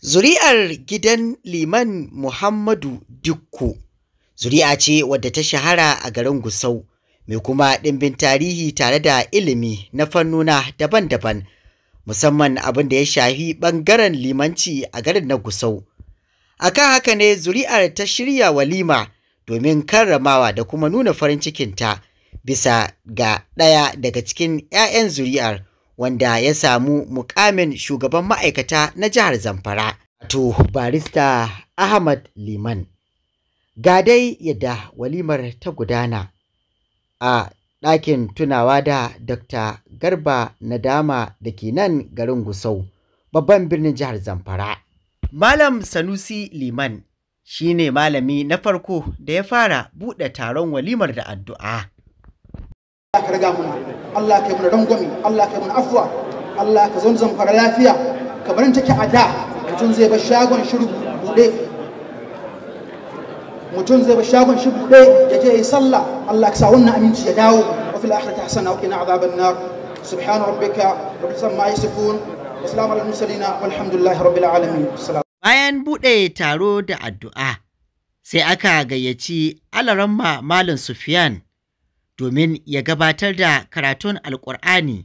Zuri'ar gidan Liman Muhammadu Dikko zuri'a ce wadda ta shahara a garin Gusau, mai kuma ɗimbin tarihi tare da ilimi na fannuna daban-daban, musamman abin da ya shahi ɓangaren limanci a garin na Gusau. A kan haka ne zuri'ar ta shirya walima domin karramawa da kuma nuna farin cikinta bisa ga ɗaya daga cikin 'ya'yan zuri'ar. wanda ya samu mukamin shugaban ma'aikata na jihar Zamfara, wato barista Ahmad Liman. gadai dai yadda walimar ta gudana a ɗakin tunawa da Dr. Garba Nadama da ke nan garin Gusau, babban birnin jihar Zamfara. Malam Sanusi Liman shi ne malami na farko da ya fara buɗe taron walimar da addu'a. Allah ka raga muna Allah ka yi muna rangwami Allah ka yi muna afuwa Allah ka zo zan fara lafiya kamar take a da mutum zai bar shagon shiru buɗe mutum zai bar shagon shiru buɗe ya je ya yi sallah Allah ka sa wannan aminci ya dawo wa fil akhirati hasana wa qina adhaban nar subhana rabbika rabbil samai yasifun assalamu salamun alal mursalin walhamdulillahi rabbil alamin bayan buɗe taro da addu'a sai aka gayyaci alaramma malam sufyan domin ya gabatar da karatun alkur'ani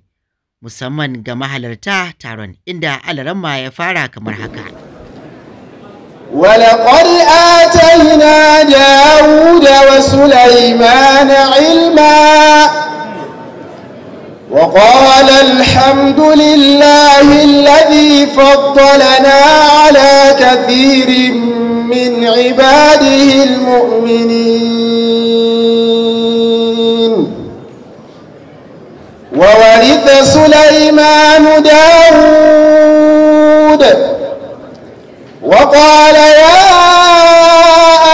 musamman ga mahalarta taron inda alaramma ya fara kamar haka ولقد آتينا داود وسليمان علما وقال الحمد لله الذي فضلنا على كثير من عباده المؤمنين وورث سليمان داود وقال يا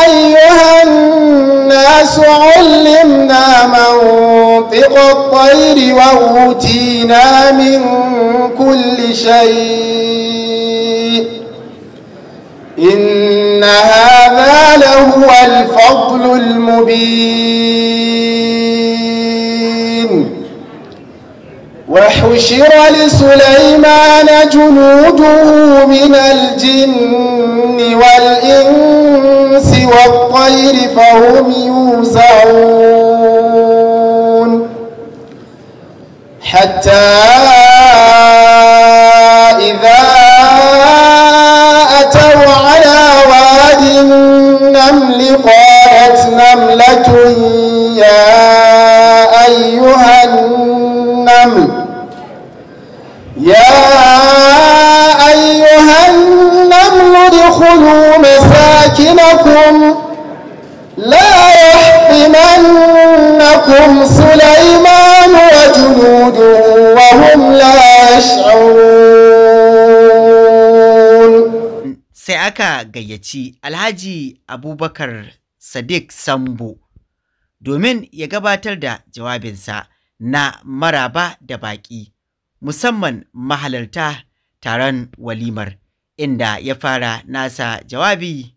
أيها الناس علمنا منطق الطير وأوتينا من كل شيء إن هذا لهو الفضل المبين وحشر لسليمان جنوده من الجن والإنس والطير فهم يوزعون حتى دينكم لا sai aka gayyaci alhaji abubakar sadiq sambo domin ya gabatar da jawabinsa na maraba da baƙi musamman mahalarta taron walimar inda ya fara nasa jawabi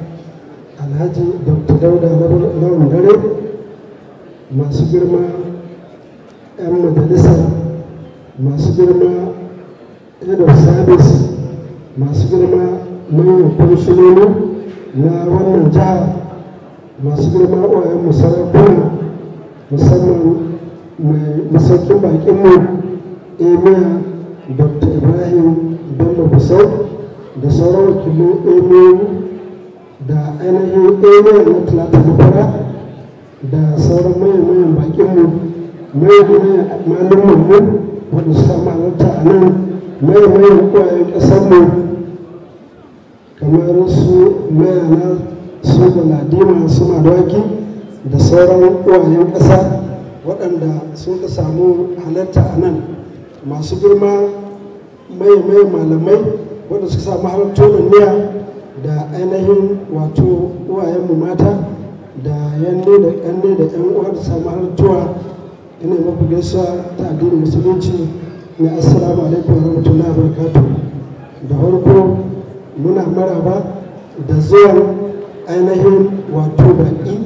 alhaji dr dauda na dare masu girma 'yan majalisa masu girma head of service masu girma manyan kwamishinoni na wannan jiha masu girma ƙwayen musarakuna musamman mai musakin bakinmu emir eh, dr ibrahim bello busau da sauran wakilin emir eh, da ainihin ɗaya na na fara da sauran mayan-mayan bakinmu mayan-mayan malumanmu wanda suka malarta a nan mayan-mayan kwayoyin ƙasarmu kamar su mayana su galadima su madawaki da sauran kwayoyin ƙasa waɗanda sun ka samu halarta a nan masu girma mai mai malamai wanda suka samu halarta miya da ainihin wato uwayenmu mata da yanne da ƙanne da yan uwa da samu ina maku gaisuwa ta addinin musulunci na assalamu alaikum wa rahmatullahi wa da farko muna maraba da zuwan ainihin wato baƙi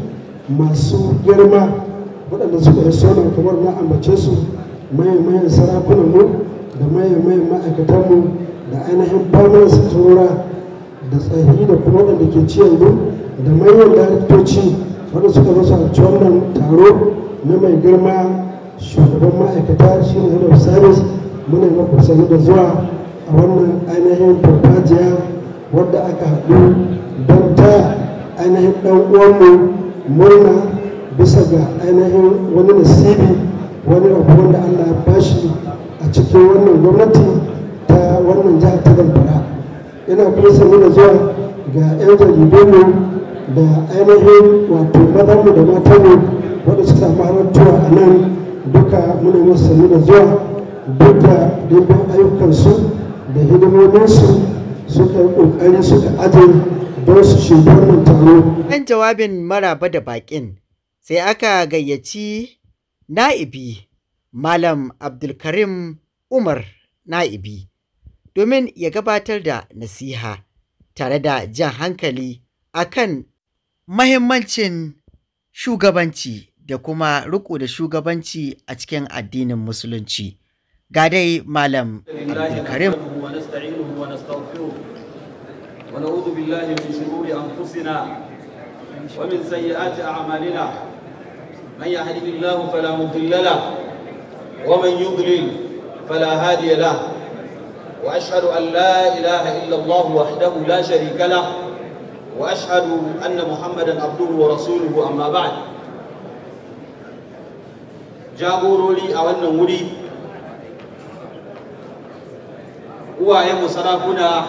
masu girma waɗanda suka yi sona kamar na ambace su mayan mayan mu da mayan ma'aikatanmu da ainihin famar sutura da tsari da kuma waɗanda ke ci yanzu da manyan daraktoci wanda suka zo su wannan taro na mai girma shugaban ma'aikata shi ne sabis of service muna mafi da zuwa a wannan ainihin farfajiya wadda aka haɗu don ta ainihin ɗan uwanmu murna bisa ga ainihin wani nasibi wani abu wanda allah ya bashi a cikin wannan gwamnati ta wannan jihar ta zamfara yana kuma sanye da zuwa ga 'yan jaridunmu da ainihin wato mazanmu da matanmu wadda su samu harantuwa a nan duka muna masu sanye da zuwa duk da ayyukansu da hidimominsu suka yi su suka aje don su shaidar nan taro. Ɗan jawabin maraba da baƙin sai aka gayyaci na'ibi Malam Abdulkarim Umar na'ibi. domin ya gabatar da nasiha tare da jan hankali akan mahimmancin shugabanci da kuma riko da shugabanci a cikin addinin musulunci ga dai malam karim ونعوذ بالله من شرور أنفسنا ومن سيئات أعمالنا من يهده الله فلا مضل له ومن يضلل فلا هادي له وأشهد أن لا إله إلا الله وحده لا شريك له وأشهد أن jagorori a wannan wuri uwayenmu sarakuna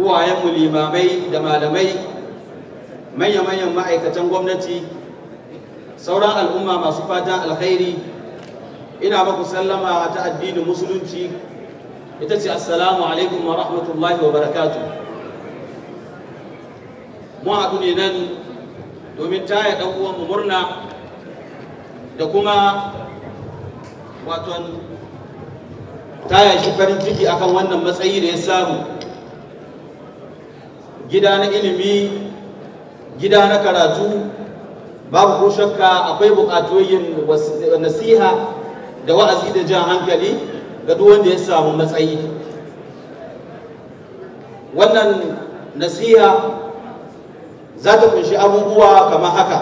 uwayenmu limamai da malamai manya-manyan ma'aikatan gwamnati sauran al'umma masu fatan alkhairi ina maku sallama ta addinin musulunci ita ce assalamu alaikum wa rahmatullahi wa barakatu mu haɗu ne nan domin taya ɗan uwanmu murna da kuma waton taya shi farin ciki akan wannan matsayi da ya samu gida na ilimi gida na karatu babu ko shakka akwai buƙatoyin nasiha da wa'azi da jan hankali ga duk wanda ya samu matsayi wannan nasiha za ta kunshi abubuwa kamar haka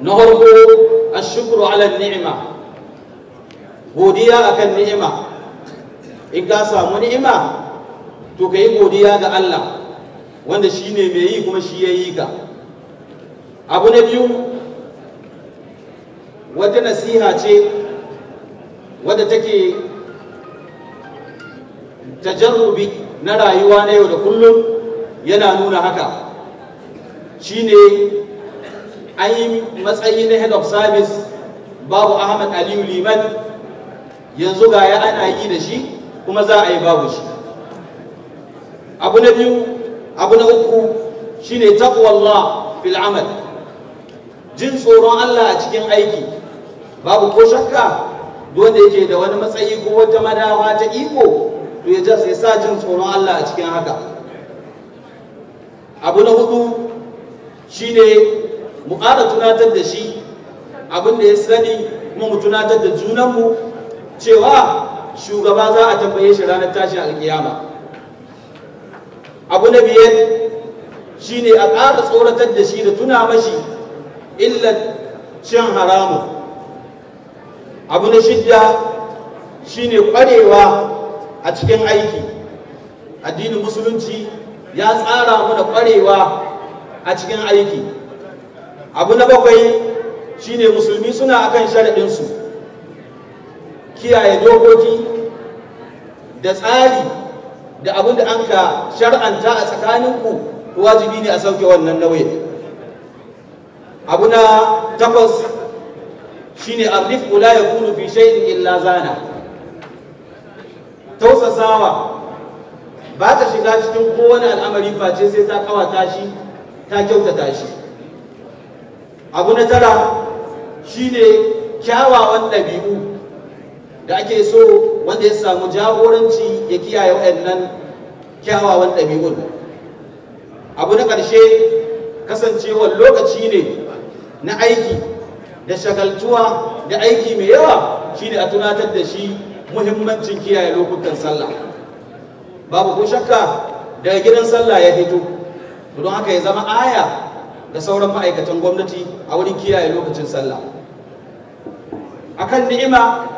na farko shukuru ala ni'ima godiya akan ni'ima in ka samu ni'ima to ka yi godiya ga Allah wanda shi ne mai yi kuma shi ya yi ka abu na biyu wata nasiha ce wadda take tajarrubi na rayuwa na yau da kullum yana nuna haka shine an yi matsayi na head of service babu ahmad aliyu liman yanzu ga ya ana yi da shi kuma za a yi babu shi abu na biyu abu na uku shine taqwallah fil amal jin tsoron Allah a cikin aiki babu ko shakka wanda yake da wani matsayi ko wata madawa ta iko to ya ya sa jin tsoron Allah a cikin haka abu na hudu shine mu ƙara tunatar da shi abin da ya sani kuma mu tunatar da junanmu cewa shugaba za a tambaye shi ranar tashin alkiyama abu na biyar shine a ƙara tsoratar da shi da tuna mashi illar cin haramun abu na shidda shine kwarewa a cikin aiki addinin musulunci ya tsara mana kwarewa a cikin aiki abu na bakwai shine musulmi suna akan sharaɗinsu kiyaye dokoki da tsari da abin da an ka shar'anta a tsakaninku wajibi ne a sauke wannan nauyin abu na takwas shine arrifqu la yakunu fi shay'in illa zana tausasawa ba ta shiga cikin kowane al'amari face sai ta kawata shi ta kyautata shi abu na tara shine kyawawan ɗabi'u da ake so wanda ya samu jagoranci ya kiyaye waɗannan kyawawan ɗabi'un abu na ƙarshe kasancewar lokaci ne na aiki da shagaltuwa da aiki mai yawa shi ne a tunatar da shi muhimmancin kiyaye lokutan sallah babu ko shakka daga gidan sallah ya fito don haka ya zama aya da sauran ma'aikatan gwamnati a wurin kiyaye lokacin sallah kan ni'ima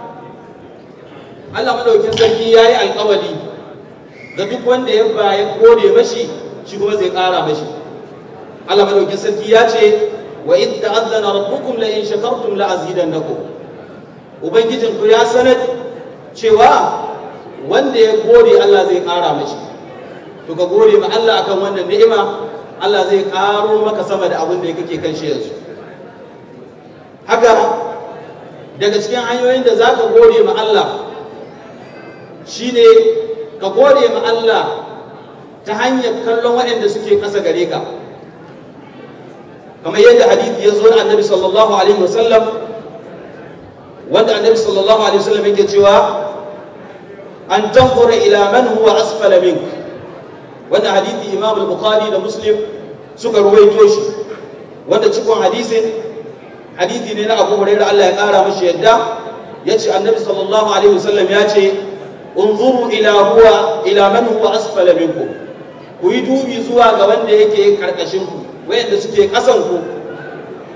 Allah madaukin sarki ya yi alkawari ga duk wanda ya baya ya kore mashi shi kuma zai ƙara mashi Allah madaukin sarki ya ce wa in ta'azzana rabbukum la in shakartum la azidannakum ubangijin ku ya sanar cewa wanda ya gode Allah zai ƙara mashi to ka gode ma Allah akan wannan ni'ima Allah zai ƙaro maka sama da abin da kake kan shi yanzu haka daga cikin hanyoyin da za ka gode ma Allah shine ka gode ma Allah ta hanyar kallon waɗanda suke ƙasa gare ka kamar yadda hadithi ya zo na annabi sallallahu alaihi wasallam wanda annabi sallallahu alaihi wasallam yake cewa an tanzura ila man huwa asfala mink wanda hadithi imam al-bukhari da muslim suka ruwaito shi wanda cikon hadisin hadithi ne na abu hurairah Allah ya kara mashi yadda yace annabi sallallahu alaihi wasallam ya ce unzuru ila huwa ila man huwa asfala minkum ku yi dubi zuwa ga wanda yake karkashin ku wayanda suke kasan ku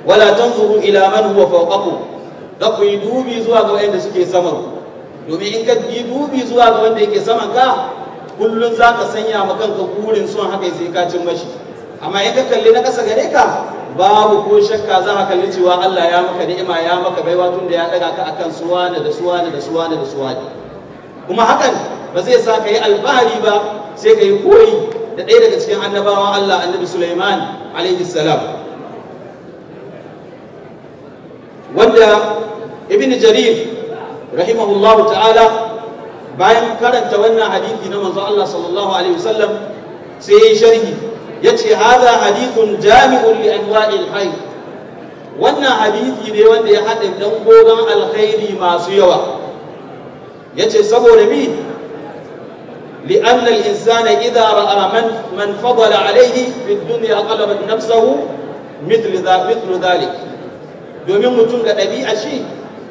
wala tanzuru ila man huwa fawqaku da ku yi dubi zuwa ga wayanda suke saman ku domin in ka yi dubi zuwa ga wanda yake saman ka kullun za ka sanya ma kanka gurin son haka sai ka cin mashi amma in ka kalli na kasa gare ka babu ko shakka za ka kalli cewa Allah ya maka ni'ima ya maka baiwa tun da ya daga ka akan suwana da suwana da suwana da suwana kuma hakan ba zai sa ka yi alfahari ba sai ka yi koyi da ɗaya daga cikin annabawan Allah annabi Sulaiman alaihi salam wanda ibn jarir rahimahullahu ta'ala bayan karanta wannan hadithi na manzo Allah sallallahu alaihi wasallam sai yayi sharhi yace hadha hadithun jami'un li anwa'il hayy wannan hadithi ne wanda ya haɗa dangogon alkhairi masu yawa yace saboda mi لأن الإنسان إذا رأى من من فضل عليه في الدنيا قلبت نفسه مثل مثل ذلك domin mutum da ɗabi'a shi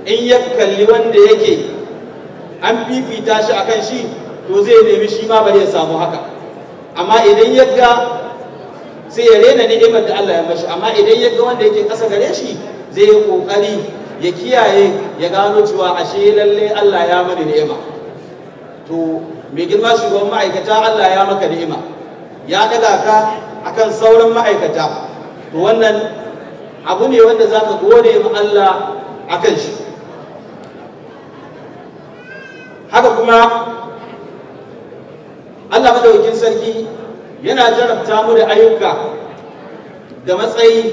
in ya kalli wanda yake an fifita shi akan shi to zai nemi shi ma bari ya samu haka amma idan ya ga sai ya rena ni'imar da Allah ya mashi amma idan ya ga wanda yake ƙasa gare shi zai yi ƙoƙari ya kiyaye ya gano cewa ashe lalle Allah ya mani ni'ima to mai girma shugaban ma'aikata Allah ya maka ni'ima ya daga ka akan sauran ma'aikata to wannan abu ne wanda za ka gode ma Allah akan shi haka kuma Allah madaukakin sarki yana jarabta mu da ayyuka da matsayi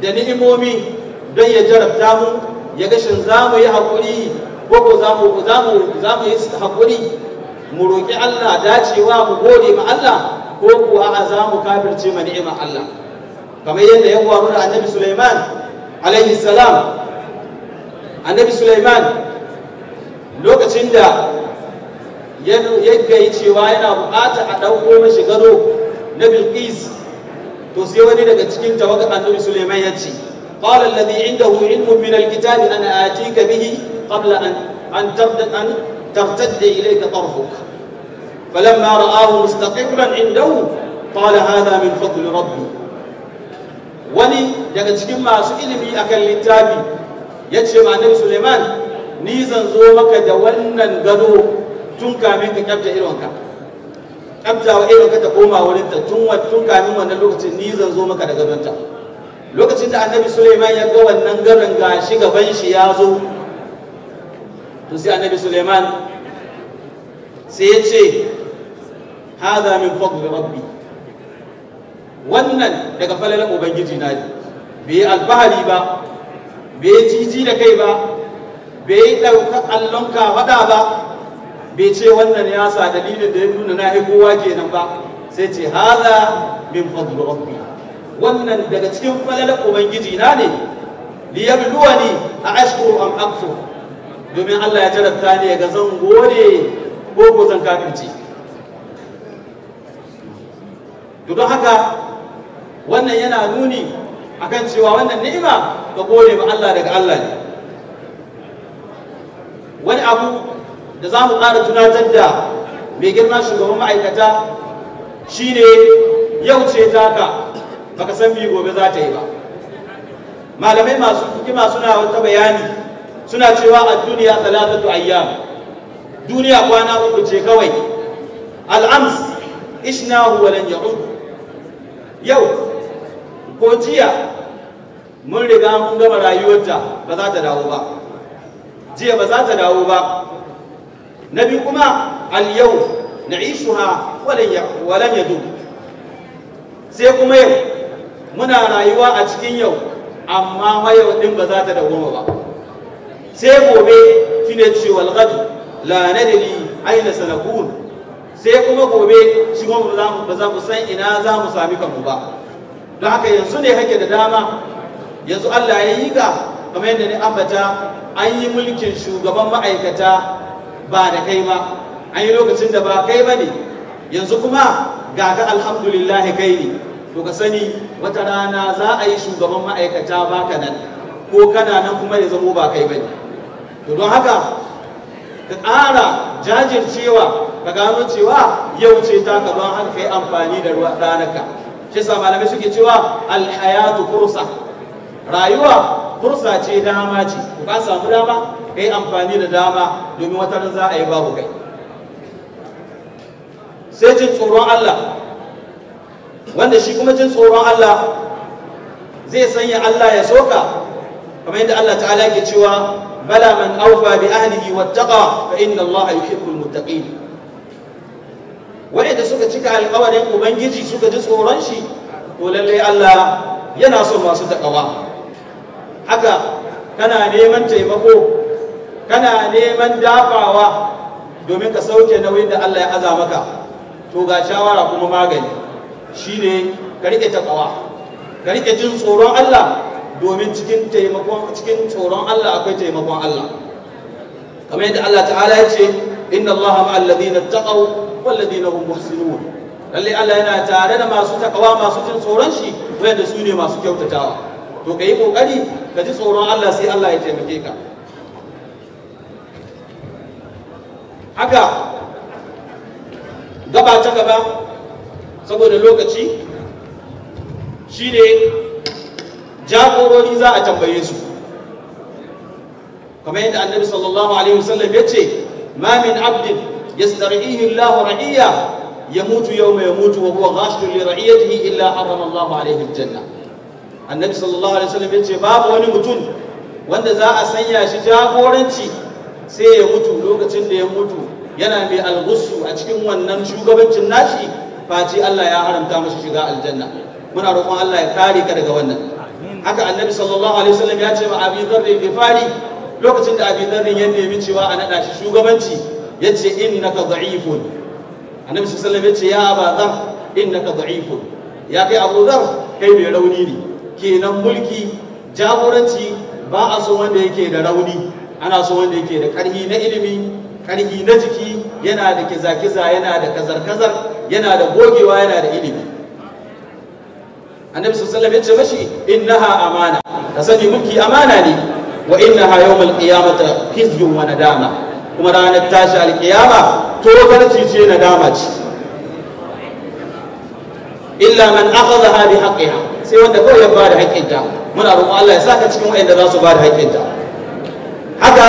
da ni'imomi don ya jarabta mu ya gashin za mu yi haƙuri ko ko za mu yi haƙuri mu roƙi Allah dacewa mu gode ma Allah ko kuwa a za mu kafirce ma ni'imar Allah kamar yadda ya faru da annabi Sulaiman alaihi salam annabi Sulaiman lokacin da ya gayyacewa cewa yana buƙatar a ɗauko mashi gado na Bilqis to sai wani daga cikin tawaga annabi Sulaiman ya ce qala alladhi indahu ilmun min alkitabi ana atika bihi qabla an ترتد إليك طرفك فلما رآه مستقرا عنده قال هذا من فضل ربي wani daga cikin masu ilimi akan littafi ya ce ma annabi suleiman ni zan zo maka da wannan gado tun kamin ka kyabta ka. kyabta wa ka ta koma wurin ta tun kamin wannan lokacin ni zan zo maka da gadon gadonta lokacin da annabi suleiman ya ga wannan garin gashi gaban shi ya zo to sai annabi suleiman sai ya ce hada min fadli rabbi wannan daga falalar ubangiji na ne bai alfahari ba bai jiji da kai ba bai ɗauka allonka faɗa ba bai ce wannan ya sa dalilin da ya nuna na kowa kenan ba sai ce hada min fadli rabbi wannan daga cikin falalar ubangiji na ne liyabluwani a ashkuru am akfo. domin Allah ya jarabta ne ga zan gode ko ko zan kafirce don haka wannan yana nuni akan cewa wannan ni'ima ga gode ba Allah daga Allah ne wani abu da za mu ƙara tunatar da mai girma shugaban ma'aikata shi ne yau ce taka baka san bi gobe za ta yi ba malamai masu hikima suna wata bayani suna cewa a duniya talatatu ayyam duniya kwana uku ce kawai al'ams ishnahu walan ya'ud yau ko jiya mun riga mun gama rayuwarta ba za ta dawo ba jiya ba za ta dawo ba na bi kuma al-yau na'ishuha walan yadu sai kuma yau muna rayuwa a cikin yau amma mayau din ba za ta dawo ba sai gobe ne ce kadu ghadi la nadri aina sanakun sai kuma gobe shi kuma ba za mu san ina za mu sami kanmu ba don haka yanzu ne hake da dama yanzu Allah ya yi ga kamar yadda ni ambata an yi mulkin shugaban ma'aikata ba da kai ba an yi lokacin da ba kai ba ne yanzu kuma ga ka alhamdulillah kai ne to ka sani wata rana za a yi shugaban ma'aikata ba ka nan ko kana nan kuma ya zamo ba kai bane to don haka ka ƙara jajircewa ka gano cewa yau ce ta ka don haka kai amfani da ranarka shi sa malamai suke cewa alhayatu fursa rayuwa fursa ce dama ce ku ka samu dama kai amfani da dama domin wata za a yi babu kai sai jin tsoron Allah wanda shi kuma jin tsoron Allah zai sanya Allah ya soka kamar yadda Allah ta'ala ke cewa bala man aufa bi ahlihi wattaqa fa inna allaha yuhibbul muttaqin wanda suka cika alƙawarin ubangiji suka ji tsoron shi to lalle Allah yana so masu takawa haka kana neman taimako kana neman dafawa domin ka sauke nauyin da Allah ya aza maka to ga shawara kuma magani shine ka rike takawa ka rike jin tsoron Allah domin cikin taimakon cikin tsoron Allah akwai taimakon Allah kamar yadda Allah ta'ala ya ce inna Allah ma alladhina taqaw wal ladina hum muhsinun lalle Allah yana tare da masu takawa masu jin tsoron shi wanda su ne masu kyautatawa to kai kokari ka ji tsoron Allah sai Allah ya taimake ka haka gaba ta gaba saboda lokaci shine jagorori za a tambaye su kamar yadda annabi sallallahu alaihi wasallam ya ce ma min abdin yastar'ihi Allah ra'iya yamutu yawma yamutu wa huwa ghashun li ra'iyatihi illa harrama Allah alaihi aljanna annabi sallallahu alaihi wasallam ya ce babu wani mutum wanda za a sanya shi jagoranci sai ya mutu lokacin da ya mutu yana mai algusu a cikin wannan shugabancin nashi face Allah ya haramta masa shiga aljanna muna roƙon Allah ya kare ka daga wannan haka annabi sallallahu alaihi wasallam ya ce ma abi bi fari lokacin da abi dharr ya nemi cewa a nada shi shugabanci yace innaka dha'ifun annabi sallallahu alaihi wasallam yace ya aba dharr innaka dha'ifun ya kai abu dharr kai mai rauni ne kenan mulki jagoranci ba a so wanda yake da rauni ana so wanda yake da karhi na ilimi karhi na jiki yana da kizakiza, yana da kazar-kazar yana da gogewa yana da ilimi annabi sallallahu alaihi wasallam ya ce mashi innaha amana ka sani mulki amana ne wa innaha yawmal qiyamati khizyun wa nadama kuma ranar tashi alkiyama to garci ce nadama ce illa man akhadha bi haqqiha sai wanda kawai ya da haƙƙinta muna roƙon Allah ya saka cikin wanda za su bada haƙƙinta haka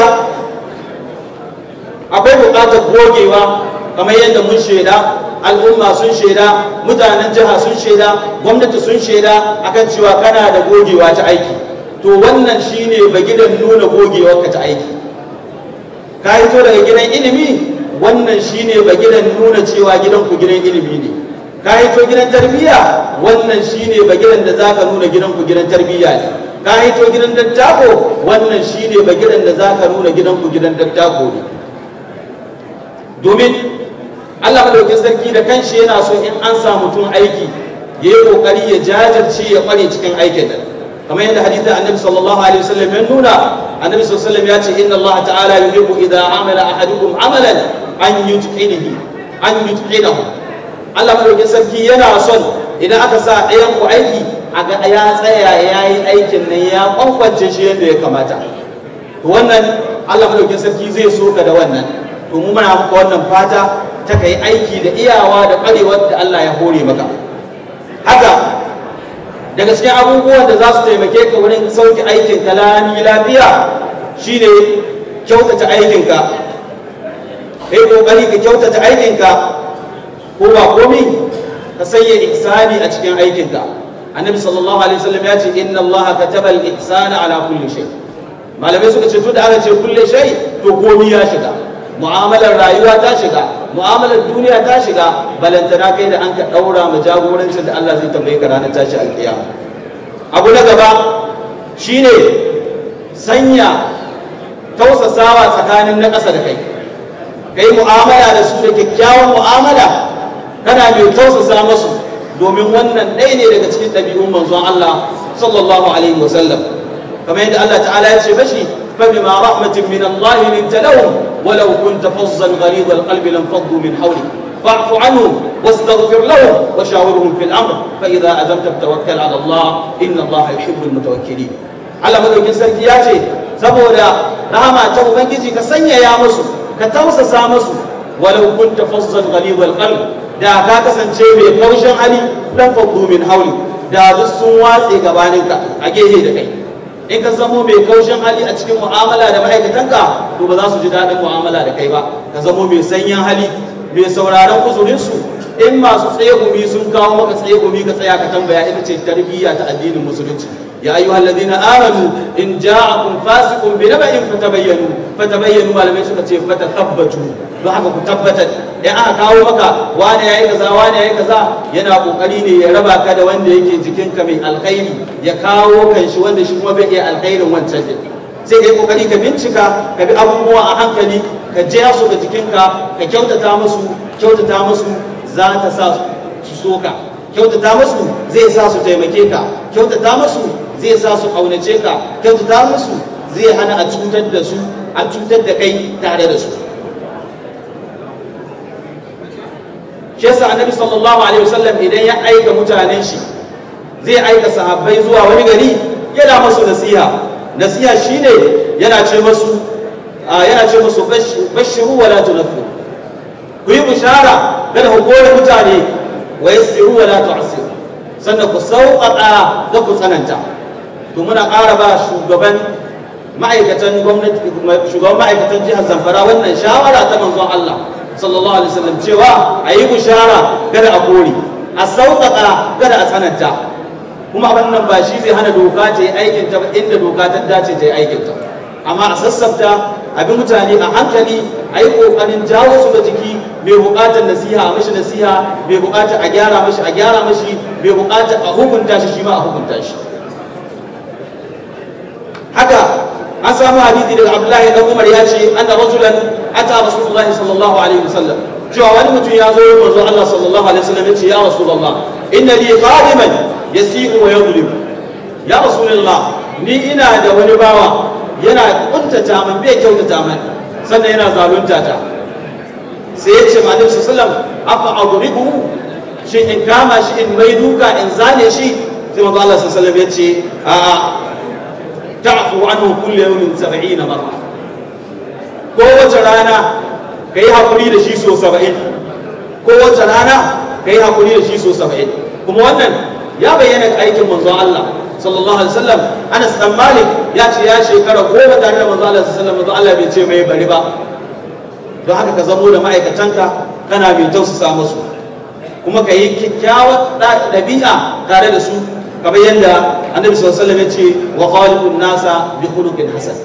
akwai buƙatar gogewa kamar yadda mun shaida al'umma sun shaida mutanen jiha sun shaida gwamnati sun shaida akan cewa kana da gogewa ta aiki to wannan shine bagidan nuna ka ta aiki ka hito daga gidan ilimi wannan shine bagidan nuna cewa gidan ku gidan ilimi ne ka hito gidan tarbiyya wannan shine bagidan da zaka nuna gidan ku gidan tarbiyya ne ka hito gidan dattako wannan shine bagidan da zaka nuna gidan ku gidan dattako ne domin Allah madaukin sarki da kanshi yana so in an samu mutum aiki ya yi kokari ya jajirce ya kware cikin aikin nan kamar yadda hadithin annabi sallallahu alaihi wasallam ya nuna annabi sallallahu alaihi wasallam ya ce inna Allah ta'ala yuhibbu idha amila ahadukum amalan an yutqinahu an yutqinahu Allah madaukin sarki yana son idan aka sa ɗayan ku aiki ga ya tsaya ya yi aikin nan ya kwankwance shi yadda ya kamata wannan Allah madaukin sarki zai so ka da wannan to muna maka wannan fata ta kai aiki da iyawa da ƙwarewar da Allah ya hore maka haka daga cikin abubuwan da za su taimake ka wurin sauke aikin ka lami lafiya shine kyautata aikinka kai kokari ka kyautata aikinka ko ba komi ka sanya ihsani a cikin aikinka annabi sallallahu alaihi wasallam ya ce inna Allah kataba al-ihsana ala kulli shay malamai suka ce da aka ce kulli shay to komi ya shiga mu'amalar rayuwa ta shiga mu'amalar duniya ta shiga balantana kai da an ka ɗaura ma jagorancin da Allah zai tambaye ka ranar tashi alƙiyama abu na gaba shine sanya tausasawa tsakanin na ƙasa da kai kai mu'amala da su da kyakkyawan mu'amala kana mai tausasa masu domin wannan ɗaya ne daga cikin ɗabi'un manzon Allah sallallahu alaihi wasallam kamar yadda Allah ta'ala ya ce mashi fa bima rahmatin min Allah linta lahum ولو كنت فظا غليظ القلب لانفضوا من حولك فاعف عنهم واستغفر لهم وشاورهم في الأمر فإذا أذنت توكل على الله إن الله يحب المتوكلين على مدوكين سركي ياتي سبورا رحمة تبو بنجيزي كسنية يا مسو كتوسع مسو ولو كنت فظا غليظ القلب دا كاكا سنشيبي كوشا علي hali من fadu min hauli da duk sun watse gabaninka a gehe da kai in ka zamo mai kaushin hali a cikin mu'amala da ma'aikatanka to ba za su ji daɗin mu'amala da kai ba ka zamo mai sanyin hali mai sauraron uzurinsu in masu tsaye gumi sun kawo maka tsaye gumi ka tsaya ka tambaya ita ce tarbiyya ta addinin musulunci يا أيها الذين آمنوا إن جاءكم فاسق بنبأ فتبينوا فتبينوا ما لم يسكت فتثبتوا لحق تثبتت إن أنا كاو مكا وانا يا كذا وانا يا كذا ينا قوقري يا ربا كذا وند يجي جكين كمي الخير يا كاو كان شي وند شي kuma bai iya alkhairin wancan din sai kai kokari ka bincika ka bi abubuwa a hankali ka jira su ga jikinka ka kyautata musu kyautata musu za ta sa su soka kyautata musu zai sa su taimake ka kyautata musu zai sa su kaunace ka kyauta musu zai hana a cutar da su a cutar da kai tare da su shi yasa annabi sallallahu alaihi wasallam idan ya aika mutanen shi zai aika sahabbai zuwa wani gari yana masu nasiha nasiha shine yana ce masu yana ce musu bashiru wala tunafu. ku yi bishara dan hukore mutane wa yassiru wala tu'siru sannan ku sauƙaƙa da ku tsananta to muna ƙara ba shugaban ma'aikatan gwamnati shugaban ma'aikatan jihar zamfara wannan shawara ta manzon Allah sallallahu alaihi wasallam cewa a yi bushara kada a kore a sauƙaƙa kada a tsananta kuma wannan ba shi zai hana doka ta yi aikin ta inda doka ta dace ta yi aikin ta amma a sassafta abin mutane a hankali a yi ƙoƙarin jawo su ga jiki mai buƙatar nasiha a mashi nasiha mai buƙatar a gyara mashi a gyara mashi mai buƙatar a hukunta shi shi ma a hukunta shi haka an samu hadithi daga abdullahi dan umar ya ce anna rajulan ata rasulullahi sallallahu alaihi wasallam cewa wani mutum ya zo manzo Allah sallallahu alaihi wasallam ya ce ya rasulullah inna li qadiman yasiu wa yadrib ya rasulullah ni ina da wani bawa yana kuntata man bai kyautata man sannan yana zalunta ta sai ya ce ma annabi sallallahu alaihi wasallam afa adribu shin in kama shi in mai duka in zane shi sai manzo Allah sallallahu alaihi wasallam ya ce a'a ta'fu anhu kullu yawmin 70 marra kowace rana kai hakuri da shi so 70 kowace rana kai hakuri da shi so 70 kuma wannan ya bayyana aikin manzon Allah sallallahu alaihi wasallam Anas dan Malik ya ce ya shekara goma tare da manzon Allah sallallahu alaihi wasallam Allah bai ce mai bari ba don haka ka zamo da ma'aikatanka kana mai tausasa musu kuma ka yi kyakkyawar ɗabi'a tare da su kamar yadda annabi sallallahu alaihi ya ce wa qaliqun nasa bi khuluqin hasan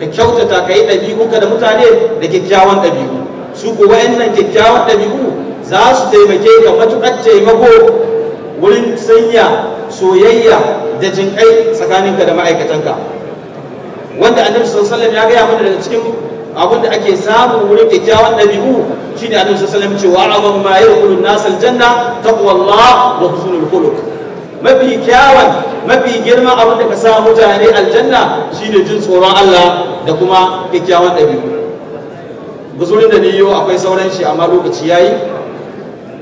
ka kyautata ka yi ka da mutane da kyakkyawan ɗabi'u su ko wayannan kyakkyawan ɗabi'u za su taimake ka matuƙar taimako wurin sanya soyayya da jinƙai tsakaninka da ma'aikatanka wanda annabi sallallahu alaihi wasallam ya gaya mana daga cikin abin da ake samu wurin kyakkyawan ɗabi'u shine annabi sallallahu alaihi wasallam cewa wa ma yaqulu an-nas al-janna taqwallah wa husnul khuluq mafi kyawun mafi girma abin da ka sa mutane aljanna shine jin tsoron Allah da kuma kyakkyawan ɗabi'u Buzurin da ni yau akwai sauran shi amma lokaci yayi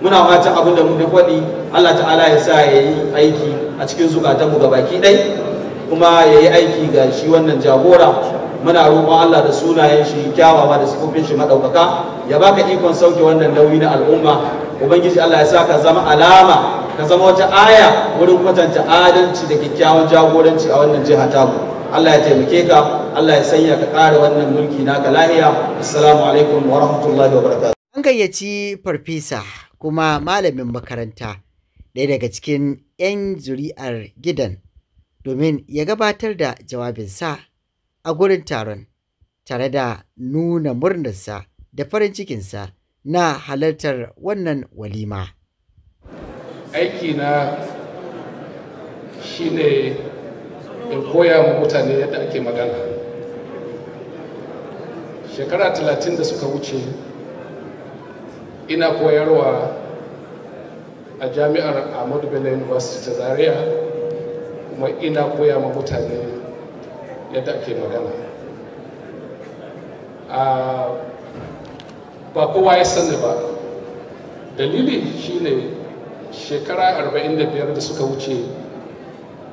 muna fatan abin da muka faɗi Allah ta'ala ya sa ya yi aiki a cikin zukatanmu ga baki ɗai kuma ya yi aiki ga shi wannan jagora muna roƙon Allah da sunayen shi kyawawa da sifofin shi maɗaukaka ya baka ikon sauke wannan nauyi na al'umma ubangiji Allah ya sa ka zama alama ka zama wata aya wurin kwatanta adalci da kyakkyawan jagoranci a wannan jiha taku Allah ya taimake ka Allah ya sanya ka ƙara wannan mulki naka lahiya assalamu alaikum wa rahmatullahi wa barakatuh an gayyaci farfesa kuma malamin makaranta ɗaya daga cikin 'yan zuri'ar gidan domin ya gabatar da jawabinsa a gurin taron tare da nuna murnarsa da farin cikinsa na halartar wannan walima. aiki na shine in koya ma mutane yadda ake magana shekara talatin da suka wuce ina koyarwa a jami'ar ahmadu bello university ta zaria kuma ina koya ma mutane yadda ake magana ba kowa ya sani ba dalili shine shekara 45 da suka wuce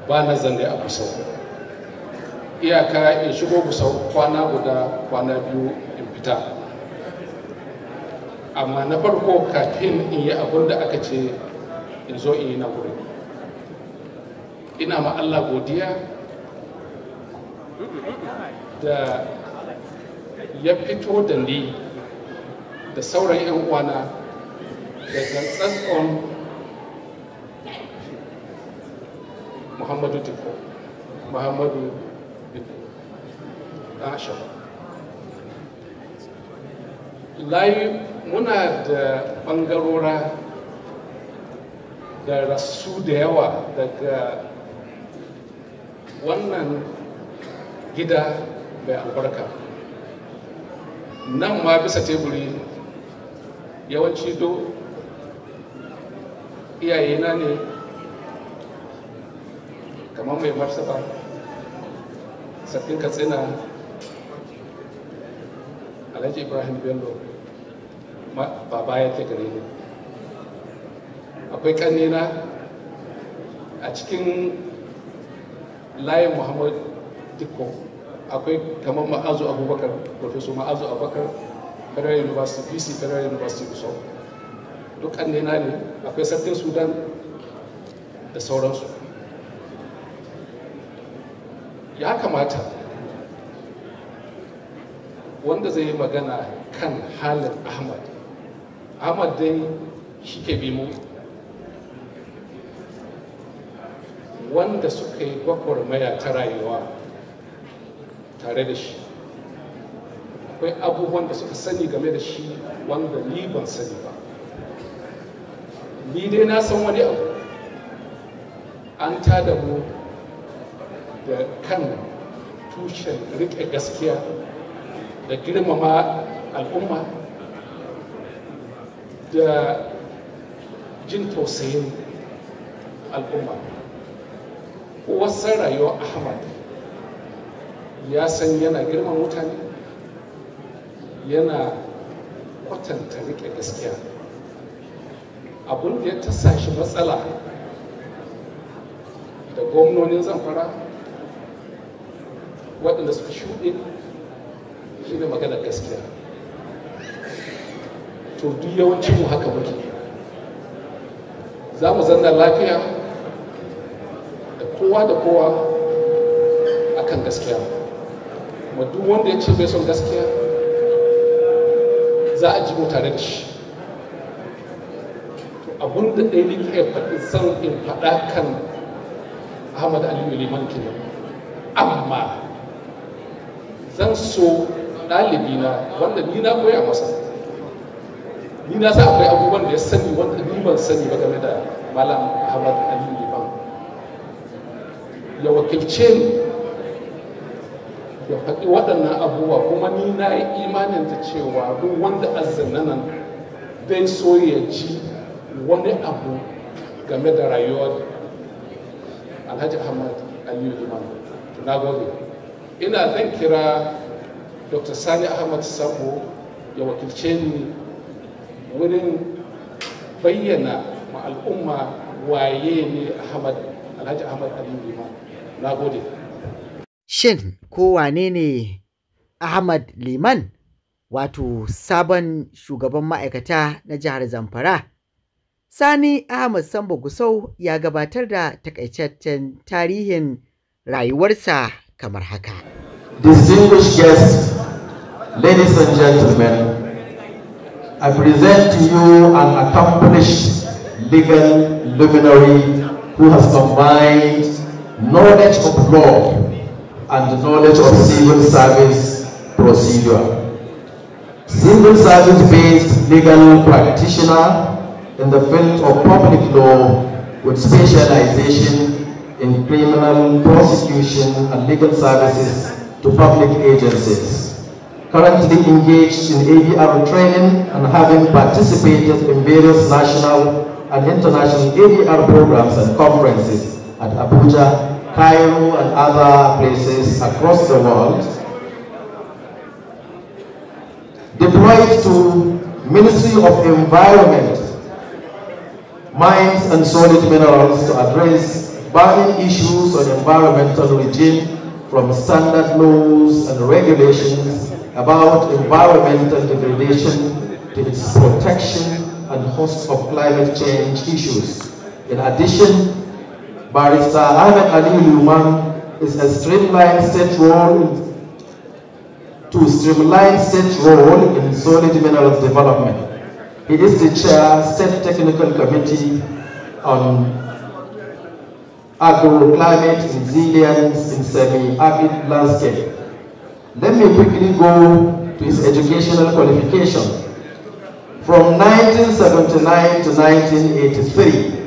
ba na zane a kusau. iyaka in shigo kusau kwana guda kwana biyu in fita amma na farko kafin in yi abin da aka ce in zo in yi na wuri. ina ma Allah godiya da ya fito da ni da sauran 'yan uwana da tsakon. muhammadu dikko muhammadu ashir layi muna da ɓangarora da rasu da yawa daga wannan gida mai albarka nan ma bisa teburi yawanci do iyayena ne kamar mai martaba sabbin katsina alhaji ibrahim bello ba baya ta gare ni akwai kanina a cikin layin muhammad dikko akwai kamar ma'azu abubakar professor ma'azu abubakar federal university bc federal university gusau duk kannina ne akwai sabbin sudan da sauransu ya kamata wanda zai yi magana kan halin ahmad ahmad dai shi ke bi mu wanda suka yi gwagwarmaya ta rayuwa tare da shi akwai abubuwan da suka sani game da shi wanda ni ban sani ba ni dai na san wani abu an tada mu da kan tushen riƙe gaskiya da girmama al'umma da jin tausayin al'umma wasu rayuwar ahmad ya san yana girma mutane yana kwatanta riƙe gaskiya abin da ya tasa shi matsala da gwamnonin zamfara waɗanda suka shuɗe shi ne maganar gaskiya to duk yawanci mu haka muke za mu zanna lafiya da kowa da kowa akan gaskiya kuma duk wanda ya ce bai son gaskiya za a ji mu tare da shi abun da ɗaya ne ke faɗi son in faɗa kan ahmad aliyu liman kenan amma zan so na wanda ni na koya masa ni na sa akwai abubuwan da ya sani wanda ni ban sani ba game da malam ahmad ali liban ya wakilce ni ya faɗi waɗannan abubuwa kuma ni na yi imanin ta cewa duk wanda azzanna nan dai so ya ji wani abu game da rayuwar alhaji ahmad Ali liman na gode ina zan kira dr sani ahmad sabo ya wakilce ni wurin bayyana ma al'umma waye ne ahmad alhaji ahmad aliyu na gode shin ko wane ne ahmad liman wato sabon shugaban ma'aikata na jihar zamfara sani ahmad sambo gusau ya gabatar da takaitaccen tarihin rayuwarsa kamar haka distinguished guests ladies and gentlemen I present to you an accomplished legal luminary who has combined knowledge of law and knowledge of civil service procedure. Civil service-based legal practitioner in the field of public law with specialization in criminal prosecution and legal services to public agencies. Currently engaged in ADR training and having participated in various national and international ADR programs and conferences at Abuja, Cairo and other places across the world. Deployed to Ministry of Environment, Mines and Solid Minerals to address barring issues on environmental regime from standard laws and regulations about environmental degradation to its protection and host of climate change issues. In addition, Barrister Ahmed Ali Luman is a streamlined state role to streamline state role in solid minerals development. He is the chair, State Technical Committee on agro-climate resilience in semi-arid landscape. Let me quickly go to his educational qualification. From 1979 to 1983,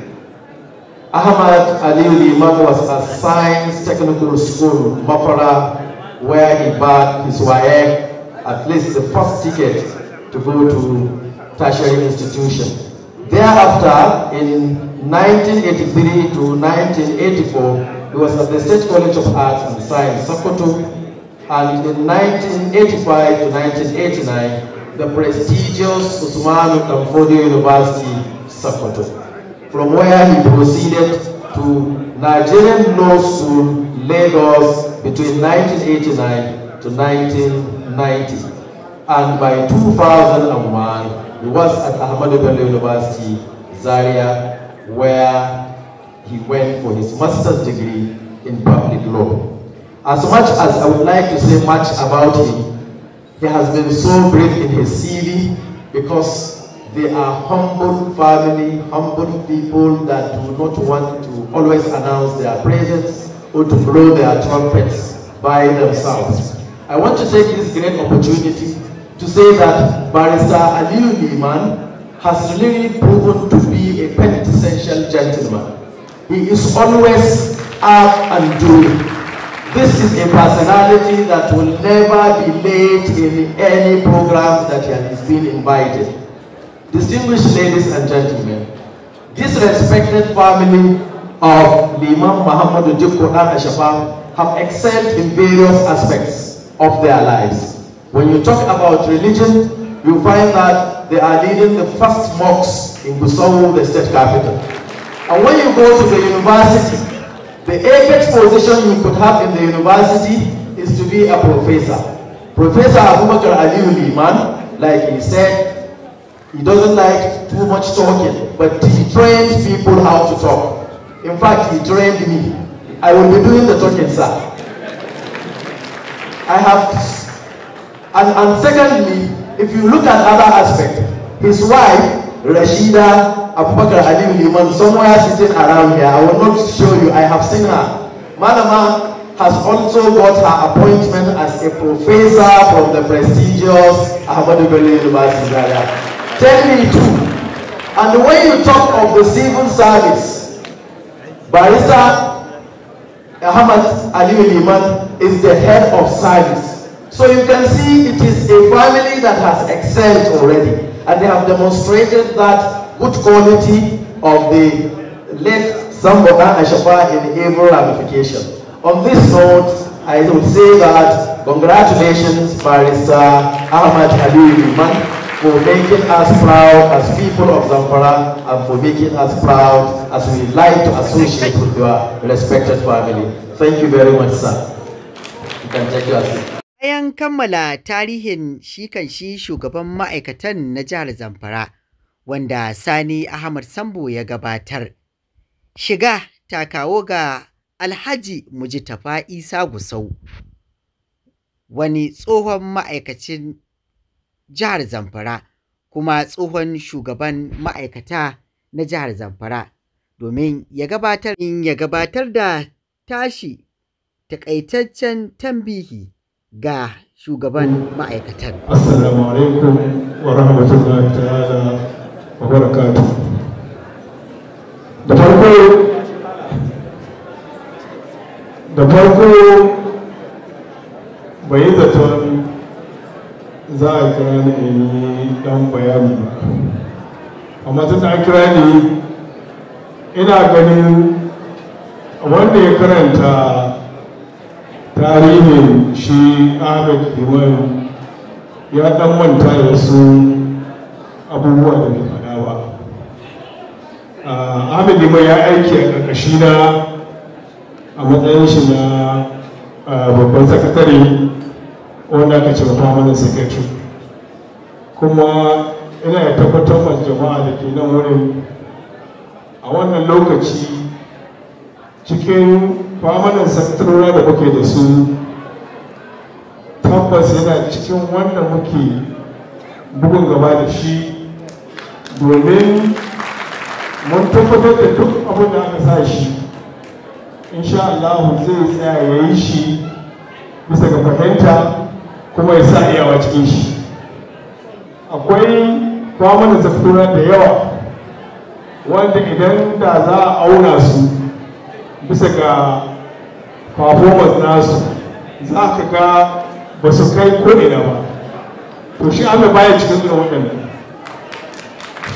Ahmad Ali Imam was assigned Technical School, Mafara, where he bought his way at least the first ticket to go to tertiary institution. Thereafter, in 1983 to 1984, he was at the State College of Arts and Science, Sokoto, and in 1985 to 1989, the prestigious Usmanu Damfodio University, Sokoto, from where he proceeded to Nigerian Law School, Lagos, between 1989 to 1990 and by 2001 he was at Ahmadu Bello University, Zaria, where he went for his master's degree in public law. As much as I would like to say much about him, he has been so great in his CV because they are humble family, humble people that do not want to always announce their presence or to blow their trumpets by themselves. I want to take this great opportunity to say that Barrister Aliyu Liman has really proven to be quintessential gentleman. He is always up and doing. This is a personality that will never be late in any program that he has been invited. Distinguished ladies and gentlemen, this respected family of Imam Muhammad Ujibko and Ashafam have excelled in various aspects of their lives. When you talk about religion, you find that they are leading the first mosques in Busongo, the state capital. And when you go to the university, the apex position you could have in the university is to be a professor. Professor Abubakar Aliyu man, like he said, he doesn't like too much talking, but he trains people how to talk. In fact, he trained me. I will be doing the talking, sir. I have, and, and secondly, if you look at other aspects, his wife Rashida Abubakar Ali Liman somewhere sitting around here. I will not show you. I have seen her. Madama has also got her appointment as a professor from the prestigious Ahmadu Bello University. Tell me too. And when you talk of the civil service, Barrister Ahmad Ali Liman is the head of service. So you can see it is a family that has excelled already and they have demonstrated that good quality of the late Zamboga and Shafa in behavioral ramification. On this note, I would say that congratulations, Barrister Ahmad Ali Liman for making us proud as people of Zamfara and for making us proud as we like to associate with your respected family. Thank you very much, sir. You can take your seat. Bayan kammala tarihin shi kan shi shugaban ma'aikatan na jihar Zamfara, wanda Sani Ahmad Sambo ya gabatar, shiga ta kawo ga Alhaji Mujitafa Isa Gusau, wani tsohon ma'aikacin jihar Zamfara kuma tsohon shugaban ma'aikata na jihar Zamfara, domin ya gabatar ya gabatar da tashi takaitaccen tambihi. ga shugaban ma'aikatar. Assalamu alaikum wa rahmatullahi ta'ala wa barakatu. Da farko da farko bai zaton za a kira ni in dan bayani ba. Amma tun a an kira ni ina ganin wanda ya karanta tarihin shi ahmed liman ya dan manta da wasu abubuwa da bai fada ba ahmed liman ya aiki a ƙarƙashi na a matsayin shi na babban sakatare wanda aka ce wata mana secretary kuma ina ya tabbatar wa jama'a da ke nan wurin a wannan lokaci cikin famanin saktarora da kuke da su tabbas yana cikin wanda muke bugun gaba da shi domin mun tabbatar da duk abin da aka sa shi insha Allah zai tsaya ya yi shi bisa ga fahimta kuma ya sa iyawa cikin shi akwai famanin saktarora da yawa wanda idan da za a auna su bisa ga performance nasu za ka ga ba su kai ko'ina ba to shi allah baya cikin irin wannan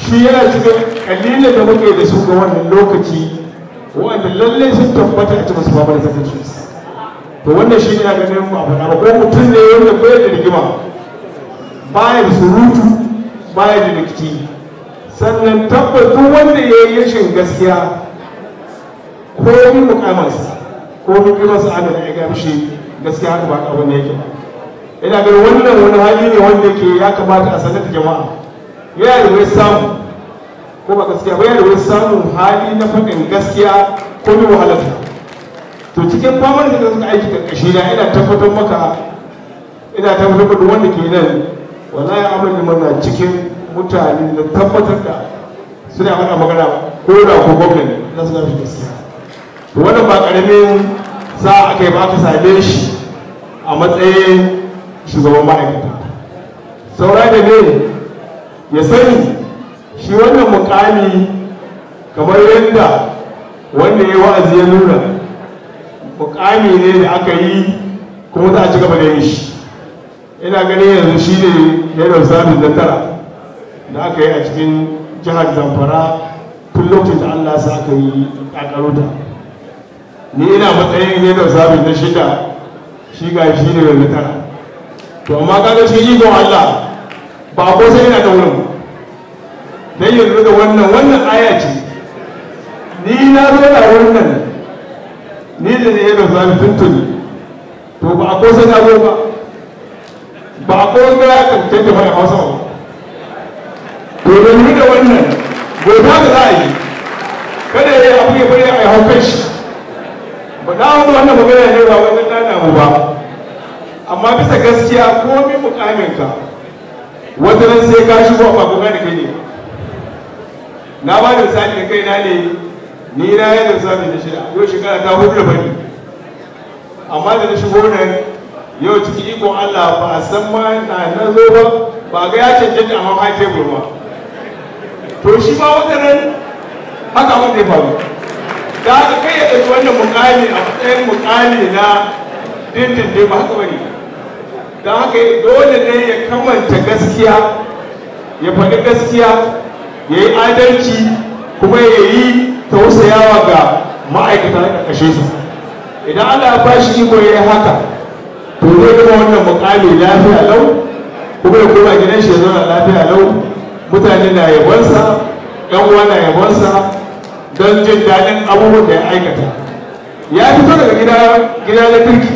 shi yana cikin kalilin da muke da su ga wannan lokaci wanda lallai sun tabbata a cikin su ba da su. to wannan shi ne ga nemu abu a faɗa ba ko mutum ne wanda bai da rigima baya da surutu baya da rikici sannan tabbatu wanda ya yi rashin gaskiya ko yi mukamansa ko mukamansa ana ya gamshi gaskiya haka ba abin da yake ba ina ga wannan wani hali ne wanda ke ya kamata a sanar da jama'a yana da wai samu ko ba gaskiya ba yana da wai samun hali na faɗin gaskiya ko mai wahalarta to cikin famar da suka aiki karkashi na ina tabbatar maka ina tabbatar maka wanda ke nan wallahi amurin mana cikin mutane da tabbatar da suna faɗa magana ko da ko gwamnati na suna fi gaskiya wannan ba karamin sa aka yi ba aka same shi a matsayin shugaban ma'aikata saura da ne ya sani shi wannan mukami kamar yadda wanda ya wa'azi ya nuna mukami ne da aka yi kuma za a ci gaba da yin shi ina ganin yanzu shi ne yadda sabis na tara da aka yi a cikin jihar zamfara tun lokacin da allah sa aka yi kakarota ni ina matsayin ne da ta na shida shi ga shi ne wani tara to amma kaga shi ikon Allah ba ko sai ina da wurin dan yanzu da wannan wannan aya ce ni na zo da wannan ni da ne da zabi tuntuni to ba ko sai na zo ba ba ko ga ya kanta da mai wasu ba to da ni da wannan gobe da za a yi kada ya yi abu ya bari a yi haukan shi ba na wani wannan magana ne ba wajen na damu ba amma bisa gaskiya komi mukaminka wata nan sai ka shigo a kuma da kai ne na ba da misali da kaina ne ni na yi da sami da shida yau shekara ta hudu da amma da na shigo nan yau cikin ikon Allah ba a san ma na zo ba ba ga ya cancanta a ma tebur ba to shi ba wata nan haka wanda ya faru da aka kai ya ɗauki wannan mukami a matsayin mukami na dindindin ba haka bane da haka dole ne ya kamanta gaskiya ya faɗi gaskiya ya yi adalci kuma ya yi tausayawa ga ma'aikata na su idan ana ba bashi iko ya yi haka to zai kuma wannan mukami lafiya lau kuma ya koma gidan shi ya zauna lafiya lau mutane na yabonsa 'yan uwa na yabonsa don jin daɗin abubuwan da ya aikata ya fito daga gida gida na kirki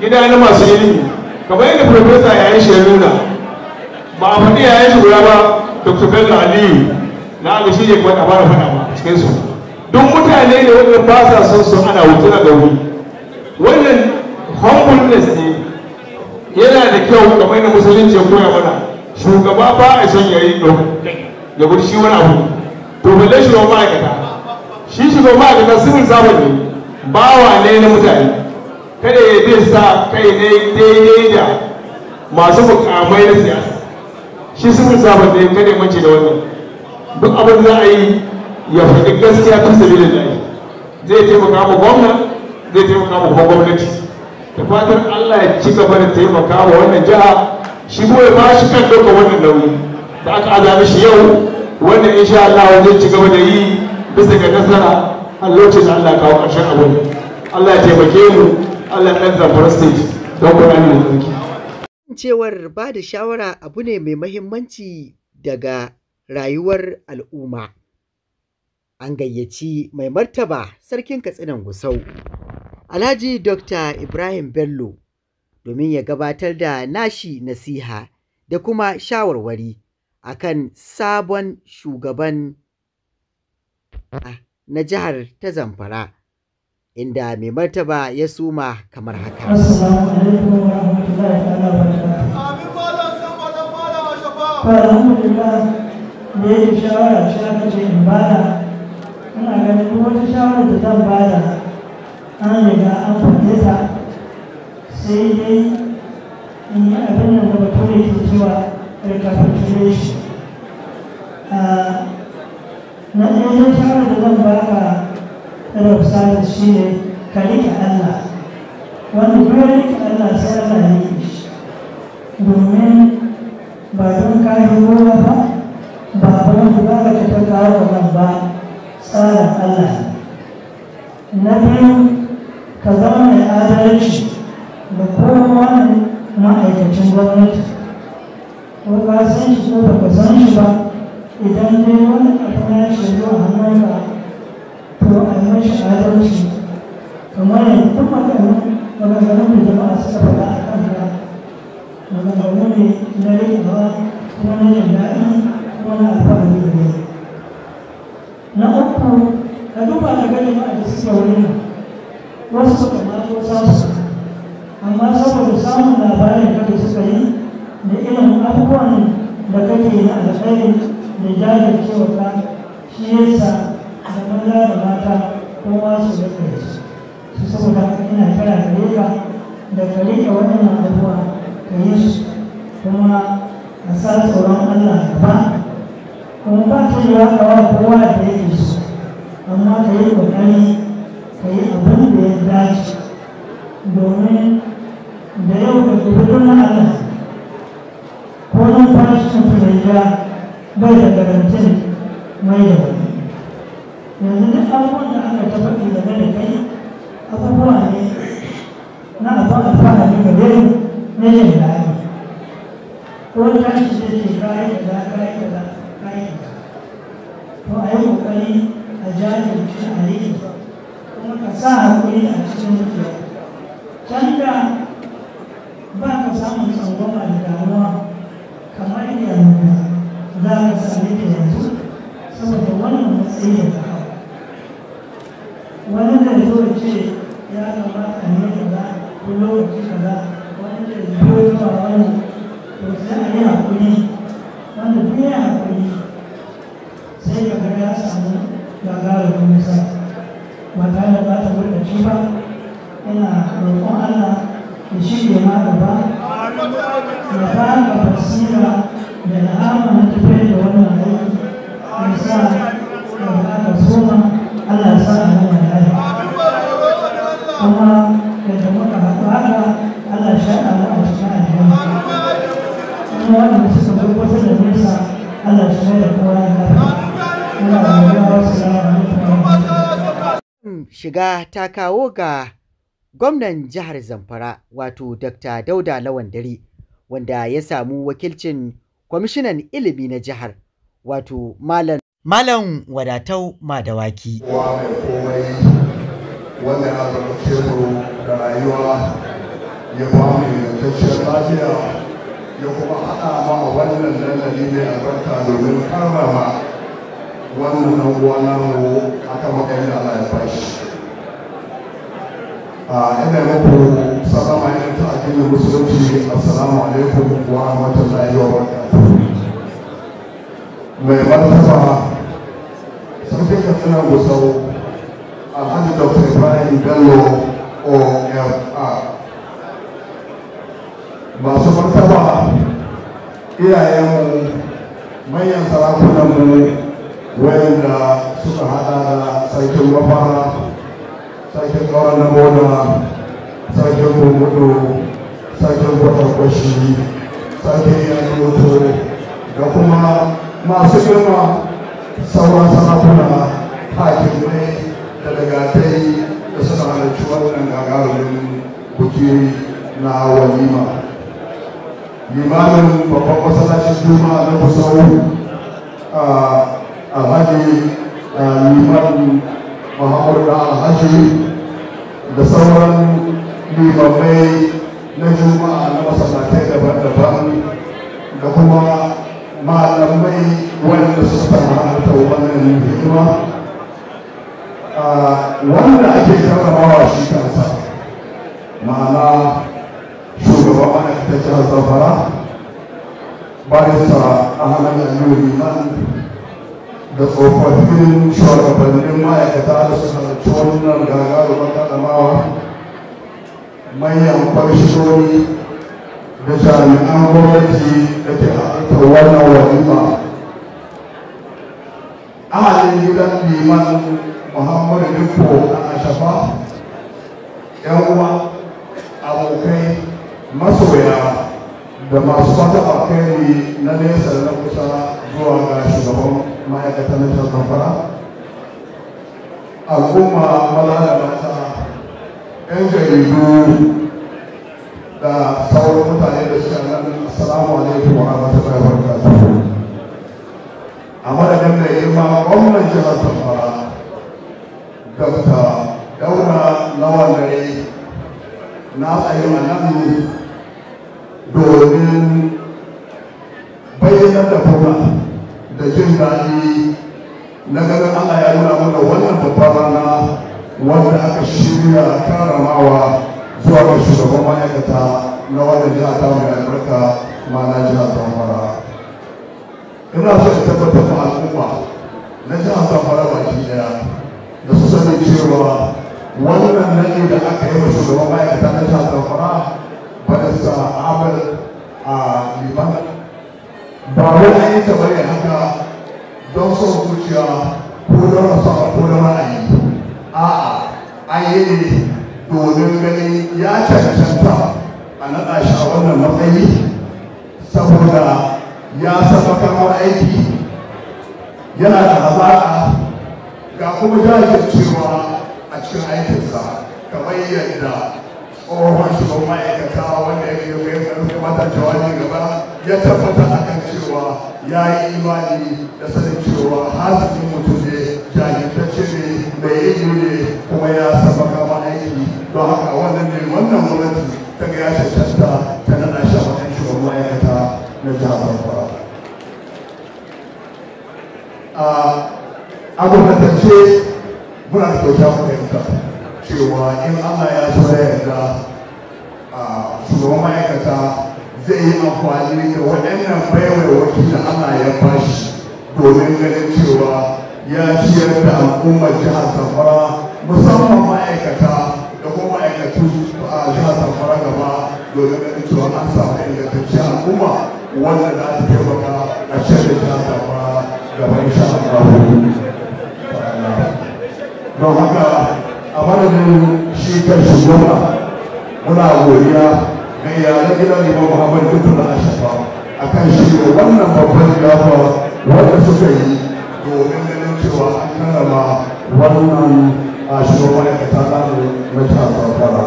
gida na masu ilimi kamar yadda profesa ya yi shi nuna ba a faɗi yi shi guda ba dr bello aliyu na abu shi ne kuma fara faɗa ba cikin su duk mutane ne wanda ba sa son su ana wuce da gauri wannan humbleness ne yana da kyau kamar yadda musulunci ya koya mana shugaba ba a son yayi ɗau da gudu shi wani abu to balle shi zama ma'aikata shi shi zama ma'aikata sirrin zamani bawa ne na mutane kada ya zai sa kai ne daidai da masu mukamai na siyasa shi sirrin ne kada ya mace da wannan duk abin za a yi ya faɗi gaskiya ta sabilin da zai taimaka ma gwamna zai taimaka ma gwamnati da fatan allah ya ci gaba da taimaka wa wannan jiha shi kuma ya ba shi kan ɗaukar wannan nauyi da aka aza shi yau wanda insha Allah wajen ci gaba da yi bisa ga nasara a lokacin Allah kawo ƙarshen abu Allah ya taimake mu Allah ya ɗan zamfara stage don Ƙur'ani da tsarki. Cewar ba da shawara abu ne mai mahimmanci daga rayuwar al'umma. An gayyaci mai martaba sarkin katsinan Gusau, Alhaji Dr. Ibrahim Bello, domin ya gabatar da nashi nasiha da kuma shawarwari. a kan sabon shugaban ah, na jihar ta Zamfara, inda mai martaba ya suma kamar haka. da ya yi shawara shi aka ce in bada ina ganin duk wata shawara da zan bada an riga an faɗe ta sai dai in yi abin da bature ke cewa representation na ɗaya shawarar da zan baka ɗaukar samun shi ne ka riƙe Allah wanda duk riƙe Allah sai Allah ya riƙe shi domin ba don ka yi ba ba don ku ba ka ta kawo nan ba tsarin Allah na biyu ka zama mai adalci da kowane ma'aikacin gwamnati ko ka ba, shi ko baka san shi ba idan dai wani abu na shi zo a hannunka to a yi mashi adalci kamar yadda duk maganin maganganun da a kanka maganganu ne na rikewa kuma na jin daɗi kuma na alfahari da ne na uku ka duba ka ga jama'a da suke wurin wasu suka amma saboda samun labarin da suka yi da irin abubuwan da kake na alkhairi da jajircewa ka shi yasa da maza da mata kowa su da kai su saboda ina kira gare ka da ka riƙe waɗannan abubuwa ka yi su kuma a sa tsoron Allah gaba kuma ba ta yi wa kawa kowa da yake amma ka yi ƙoƙari ka yi abin da ya dace domin da yau ka fi na Allah போதும் பாலிஸ்டின் செய்கிறார் بيتكلمتني ما يدري لأن أظن أن أتفق إلى ذلك أظن أني أنا أظن أفعل في كبير نجد العالم وأن تعيش ذلك كاي كذا كاي كذا كاي كذا وأي مكاني أجانب عليه ومن كساها كل أجسام riga ta kawo ga gwamnan jihar Zamfara wato Dr. Dauda Lawan Dare wanda ya samu wakilcin kwamishinan ilimi na jihar wato Malam Malam Wadatau Madawaki. Wa mai komai wanda ya zarce mu da rayuwa ya ba mu yantacciyar lafiya ya kuma haɗa ma wannan dandali mai albarka domin karrama wannan uwa namu aka makarin Allah ya bashi. ina muku sallama irin ta addinin musulunci assalamu alaikum wa rahmatullahi wa mai martaba sarkin katsina gusau alhaji dr ibrahim bello ofr masu martaba iyayenmu manyan sarakunanmu wayanda suka hada da sarkin mafara sarkin kawar na mona sarkin gumudu sarkin kwatarkwashi sarkin yanyoto da kuma masu girma sauran sarakuna hakimai da dagatai da suna halarci wannan gagarumin buki na walima limanin babban masallacin juma'a na kusau alhaji liman muhammadu alhaji da sauran limamai na juma'a na masallatai daban-daban da kuma malamai wanda suka halarta wannan hidima wanda ake karramawa shi kansa ma'ana shugaban ma'aikatar jihar zamfara barista ahmad aliyu liman da tsofaffin shugabannin ma'aikata da suka halarci wannan gagarumar kadamawa manyan kwamishoni da jami'an gwamnati da ke halartar wannan walima ahalin gidan liman muhammadu dukko a ashafa yan uwa abokai masoya da masu fata alkhairi na nesa da na kusa zuwa ga shugaban ma'aikatan na jihar al'umma maza da mata yan jaridu da sauran mutane da suka nan assalamu alaikum wa rahmatullahi wa barakatuh a madadin da yi ma gwamnan jihar zamfara dr daura lawan dare na tsaye a nan domin bayyana da yi na ganin Allah ya nuna mana wannan babbar rana wanda aka shirya karamawa zuwa ga shugaban ma'aikata na wannan jiha ta mai albarka ma'ana jiha zamfara ina so in tabbatar ma al'umma na jiha zamfara baki daya da su sani cewa wannan nake da aka yi wa shugaban ma'aikata na jiha zamfara ba da sa abin a liman ba wani ayyuka bane don son zuciya ko don rasawa ko don ra'ayi a'a an yi ne domin ganin ya cancanta a naɗa shi a wannan matsayi saboda ya sadakarwar aiki yana da hazaƙa ga kuma cewa a cikin aikinsa kamar yadda tsohon shugaban ma'aikata wanda ya yi mata jawabi gaba ya tabbata a kan cewa ya yi imani da sanin cewa hasikin mutum ne jajirtacce ne mai iyo ne kuma ya san makama aiki don haka wannan ne wannan gwamnati ta ga ya cancanta ta nana shi a matsayin shugaban ma'aikata na jihar Zamfara. A gwamnatance muna da kyauta fahimta. cewa in allah ya so yadda yarda shugaban ma'aikata zai yi amfani da waɗannan baiwaiwaki da allah ya bashi domin ganin cewa ya ciyar da al'ummar jihar zamfara musamman ma'aikata da kuma ma'aikatu a jihar zamfara gaba domin ganin cewa an samu ingantaccen al'umma wanda za ta taimaka a cikin jihar zamfara gaba insha Allah. Don haka a madadin shi kan shugaba muna godiya ga iyalan gidan ne muhammad tuntun ashafa a kan shi da wannan babban gafa wanda suka yi domin ganin cewa an karama wannan a shugaban ma'aikata namu na tasarfara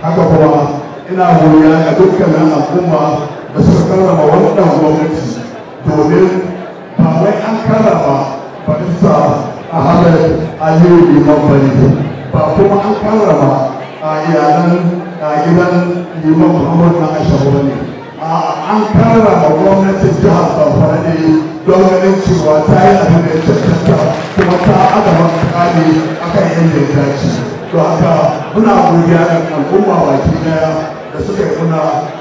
haka kuma ina godiya ga dukkanin al'umma da suka karrama wannan gwamnati domin ba wai an karrama barista ahmed aliyu liman bari ba kuma an karrama a iyalan a gidan liman muhammad na ashabu ne an karrama gwamnatin jihar zamfara ne don ganin cewa ta yi abin da ya cancanta kuma ta adaba kare akan yadda ya dace to haka muna godiya ga al'umma baki daya da suka yi muna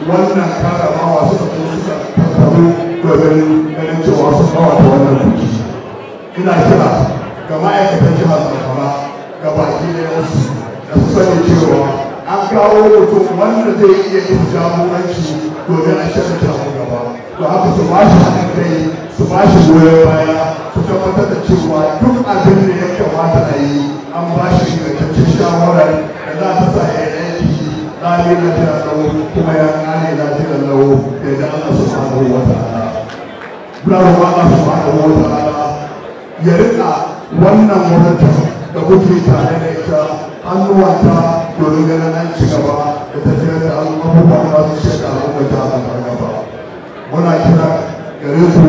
wannan karramawa suka zo suka tattaru domin ganin cewa sun kawata wannan biki ina kira ga ma'aikatan jihar zamfara gabaki da wasu da su sani cewa an kawo mutum wanda zai iya yin jagoranci domin a shirya mu gaba to haka su ba shi haɗin kai su ba shi goyon baya su tabbatar da cewa duk abin da ya kamata a yi an ba shi ingantaccen shawarar da za ta sa ya aiki ɗari na jiran lau kuma ya ƙare na jiran lau da ya Allah subhanahu wa ta'ala. Bravo Allah subhanahu wa ta'ala ya riƙa wannan wurin da kuke tare da ita hannuwanta domin ganin an ci gaba da tafiyar da abubuwa da su ce da al'ummata a gaba muna kira gare ku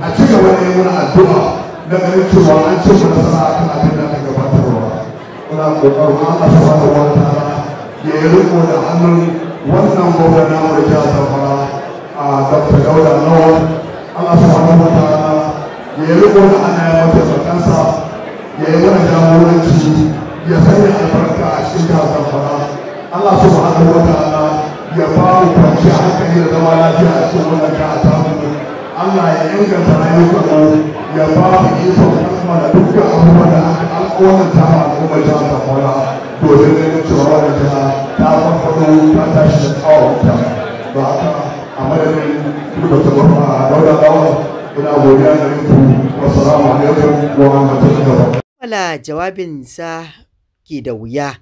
a ci gaba da yin addu'a da ganin cewa an ci mu nasara a kan abin da aka gabatarwa muna kokarin a subhanahu wa ta'ala ya yi riko da hannun wannan gwamnati namu da jihar Zamfara a Dr. Dauda Lawal Allah subhanahu wa ya yi riko da hannun ya mutu ya yi mana jagoranci ya sanya albarka a cikin gasar fara Allah subhanahu wa ta'ala ya ba mu kwanciya hankali da zama lafiya a cikin wannan gasa Allah ya inganta rayuwar mu ya ba mu ikon kuma da dukkan abubuwan da aka alƙawarin ta ma kuma jasa fara domin ganin cewa da ta ta farfaɗo ta tashi da tsawonta ba haka a madadin dubbata mafa a daura ina godiya da yanku wasu alaikum wa rahmatullahi kammala jawabinsa ke da wuya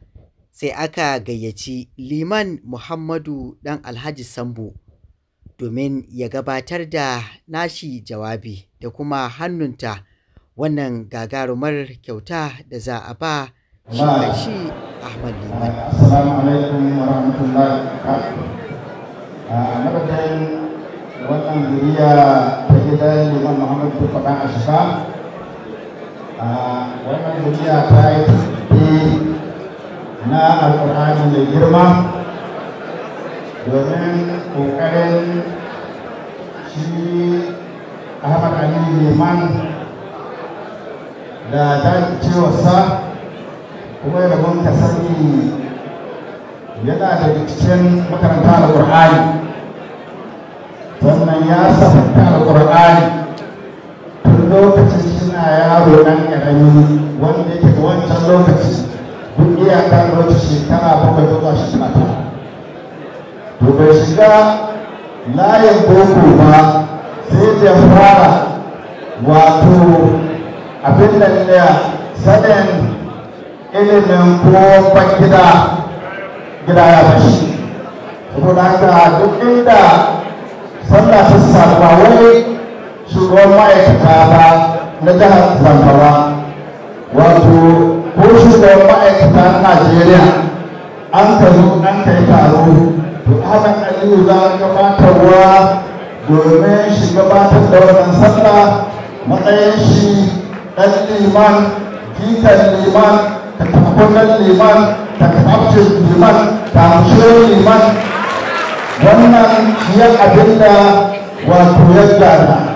sai aka gayyaci Liman Muhammadu ɗan Alhaji Sambo domin ya gabatar da nashi jawabi da kuma hannunta wannan gagarumar kyauta da za a ba shi Ahmad Liman. Assalamu alaikum ah, wannan ta gidan Liman Muhammadu Faɗa wannan duniya ta yi tasiri na alkur'ani mai girma domin ƙoƙarin shi ahmad ali liman da cewarsa kuma da muka sani yana da cikin makaranta alkur'ani sannan ya sabanta alkur'ani tun lokacin ina yaro ɗan karami wanda yake ta wancan lokaci duk ta wata shekara bakwai zuwa shekara ta to bai shiga layin boko ba sai da fara wato abin da ya sanin ilimin ko gida gida ya fashi saboda haka duk inda sallah ta sarrafa wani shugaban ma'aikata ba na jihar zamfara wato ko shugaban ma'aikata najeriya an ka zo an kai taro to hana aliyu za a gabatarwa domin shi gabatar da wannan sallah matsayin shi ɗan liman jikan liman tattakunan liman tattacin liman tamushin liman wannan yan abin wato ya gada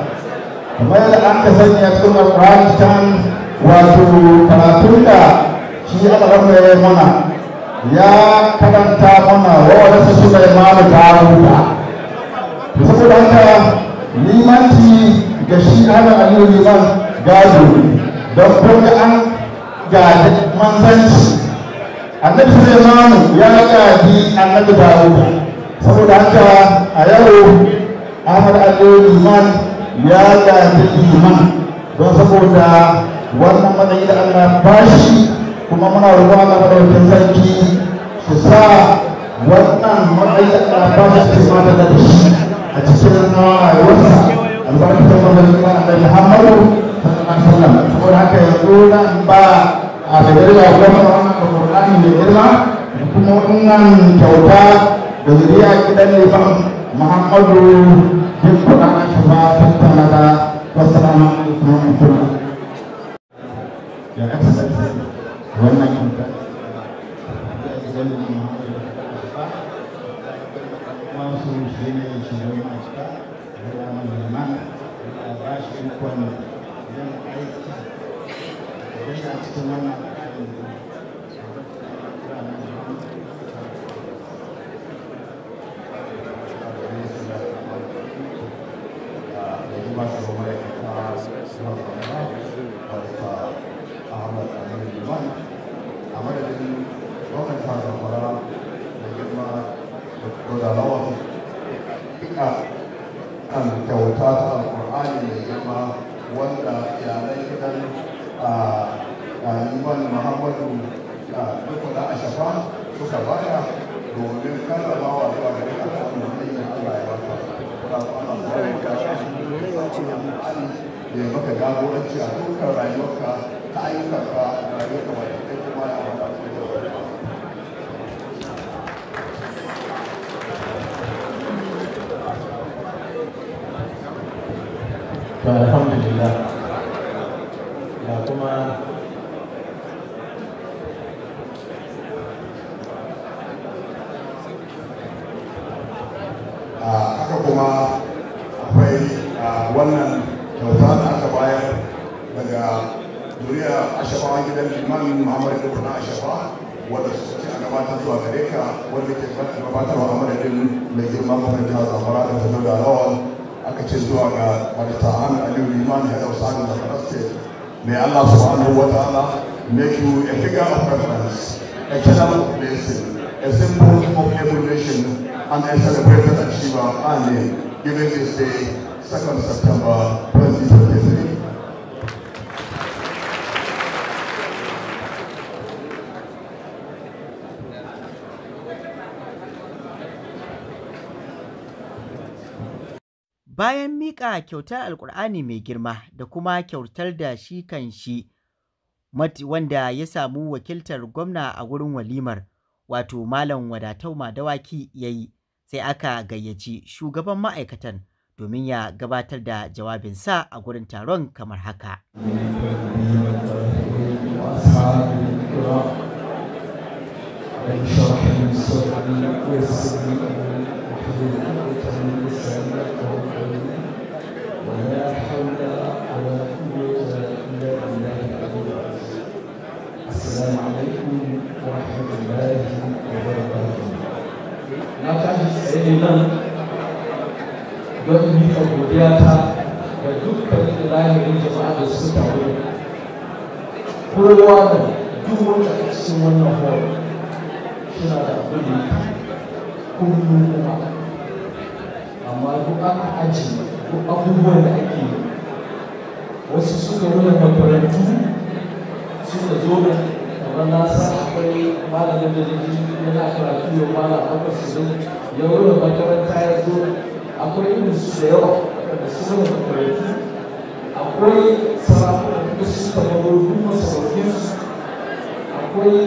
kamar yadda an ka sani a cikin alƙur'ani kan wato karatun da shi aka rabu ya mana ya karanta mana wawarsa Sulaiman da Dawuda saboda haka limanci ga shi ana aliyu liman gado don kuma an gadi manzanci annabi Sulaiman ya gadi annabi Dawuda saboda haka a yau Ahmad Aliyu Liman ya la ta iman don saboda wannan matsayi da Allah ba shi kuma muna roƙo Allah da wannan sarki su sa wannan matsayi da Allah ba shi ke ma da shi a cikin rayuwarsa albarka da barka da Allah Muhammadu sallallahu alaihi wasallam saboda haka yanzu ah, na ba a da dalila ko wannan Qur'ani ne irma kuma wannan kyauta da zuriya kidan ne fa محمد يفقد عن شفاعة التمدى والسلام عليكم ورحمة الله Your Excellency, when I compare Thank you. ta ayyukan ka da ya kamata kai kuma ya kamata ku yi Alhamdulillah May Allah subhanahu wa ta'ala make you a figure of reference, a channel of blessing, a symbol of emulation, and a celebrated achiever. And giving this day, 2nd September 2020. Bayan miƙa kyautar Alkur'ani mai girma da kuma kyautar da shi kan shi wanda ya samu wakiltar gwamna a wurin walimar, wato Malam Wadatau Madawaki ya yi, sai aka gayyaci shugaban ma'aikatan domin ya gabatar da jawabinsa a gurin taron kamar haka. ولا حول ولا قوة na godiyata ga dukkan ilayen jama'a da suka taru kowa da a suna da kuma amma duk aka ajiye ko abubuwan da ake wasu suka wani makarantu suka zo kamar na sa akwai malamin da zai yana karatu ya mala akwai su zo ya wani makaranta ya zo akwai irin su da yawa da su zama makarantu akwai sarakunan da su suka gano duma sarautinsu akwai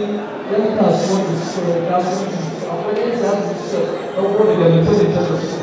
yan kasuwan da suka gano kasuwanci akwai yan da suka ɗauko daga littattafan da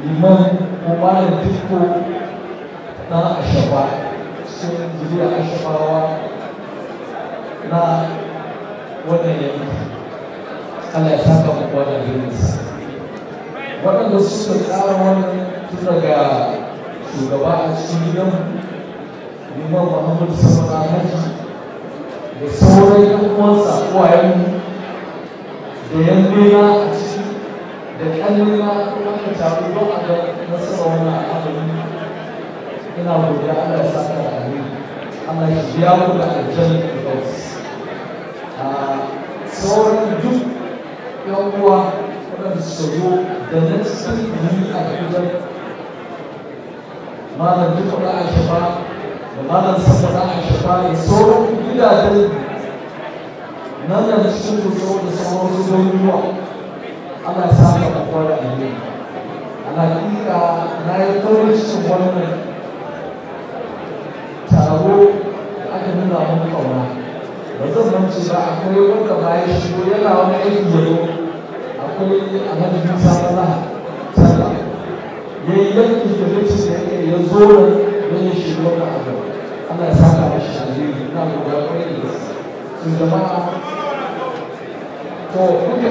liman umarin dikko na ashaba sun zuriya ashabawa na wannan yanki allah ya saka wannan birnis waɗanda suka tsara wannan tun daga shugaba a cikin gidanmu liman muhammadu sama haji da sauran yan uwansa uwayen da yan bena a da kalli na wannan taro don a ga nasarar wannan al'amari ina godiya Allah ya saka da hannu Allah ya biya ku da aljanna da gaus sauran duk yan uwa waɗanda suka zo da na cikin yi a gidan malam duka da a shafa da malam sassa da a shafa da sauran gidajen nan da cikin kusurwa da sauran su garuruwa Allah ya saka da kowa Allah ya alhaƙiƙa na yi farin cikin wannan taro aka nuna mun kauna ba zan mance ba akwai wanda ba ya shigo yana wani aiki aikin yaro akwai alhaji musa salaha sallah ya yi yanki da mutum da yake ya zo da ya shigo da abu Allah ya saka da shi alheri na gobe kwarai da su jama'a to duka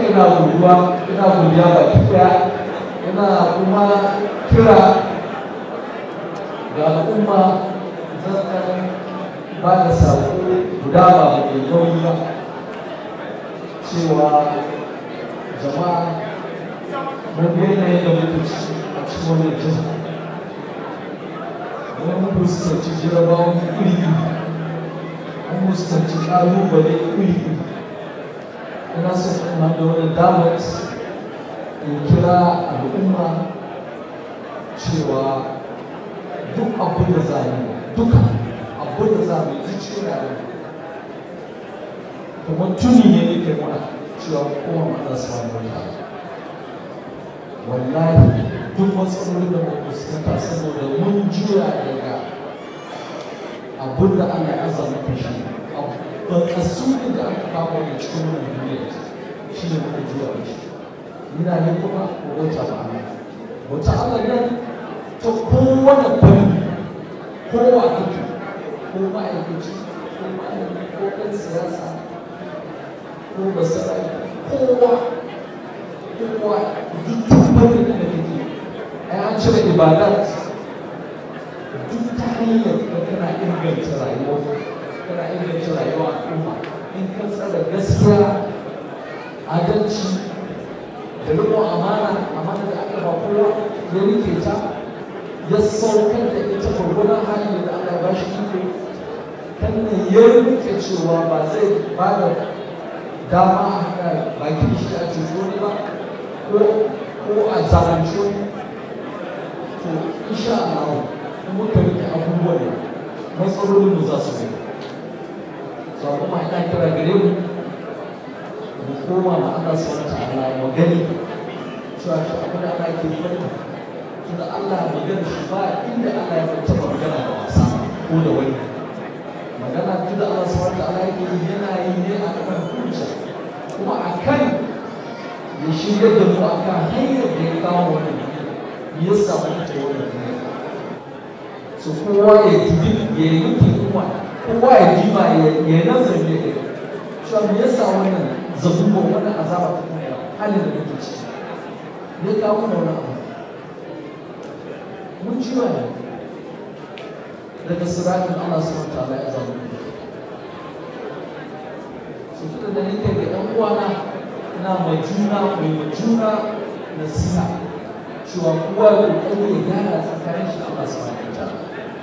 ina godiya ina godiya ga kuma kira ga al'umma zan ba da sako ba mai nauyi ba cewa jama'a mun daina yadda muke ci a cikin wannan ina son ina da wani in kira al'umma cewa duk abin da za mu duka abin da za mu ji kuma tuni ne ne ke muna cewa kuma mana su wani wata wallahi duk matsalolin da mu fuskanta saboda mun juya daga abin da Allah ya makasudin da aka kawo da cikin wannan duniya shi ne muka juya mishi muna ne kuma wata ma'ana wata Allah nan ta kowane fanni kowa kake ko ma'aikaci ko ma'aikaci ko ɗan siyasa ko basarai kowa kowa duk fannin da kake ai an cire ibadat duk ta hanyar da kana inganta rayuwarka kana inganta rayuwa al'umma in ka tsara gaskiya adalci da riƙon amana amana da aka ba kowa ya rike ta ya saukar da ita gwargwadon hali da aka ba shi iko ya rike cewa ba zai ba da dama a haɗa bakin shi a cuto ba ko a zalunci to insha Allah muka rike abubuwan matsalolin mu za su zai to kuma ina kira gare mu mu koma ma Allah subhanahu ta'ala mu gani cewa shi abu da Allah ke fanta tunda Allah magana shi ba inda Allah ya fanta ba magana da wasa ko da wani magana tunda Allah subhanahu ta'ala yake yana yi ne a kan hujja kuma a kan ya shirya da mu a kan hanyar da ya kawo wannan ya samu ta wani wannan su kowa ya ji ya yi mutum kuma kowa ya jima ya nazari da ya cewa ya sa wannan zabuwa wannan azaba ta kuma halin da muke ciki ne kawo mana wani abu mun jima ne daga siratin Allah subhanahu wa ta'ala ya zama mu su tuna da nake ga ɗan uwana na mai juna mai juna nasiha cewa kowa ya kokari ya gyara tsakanin shi Allah subhanahu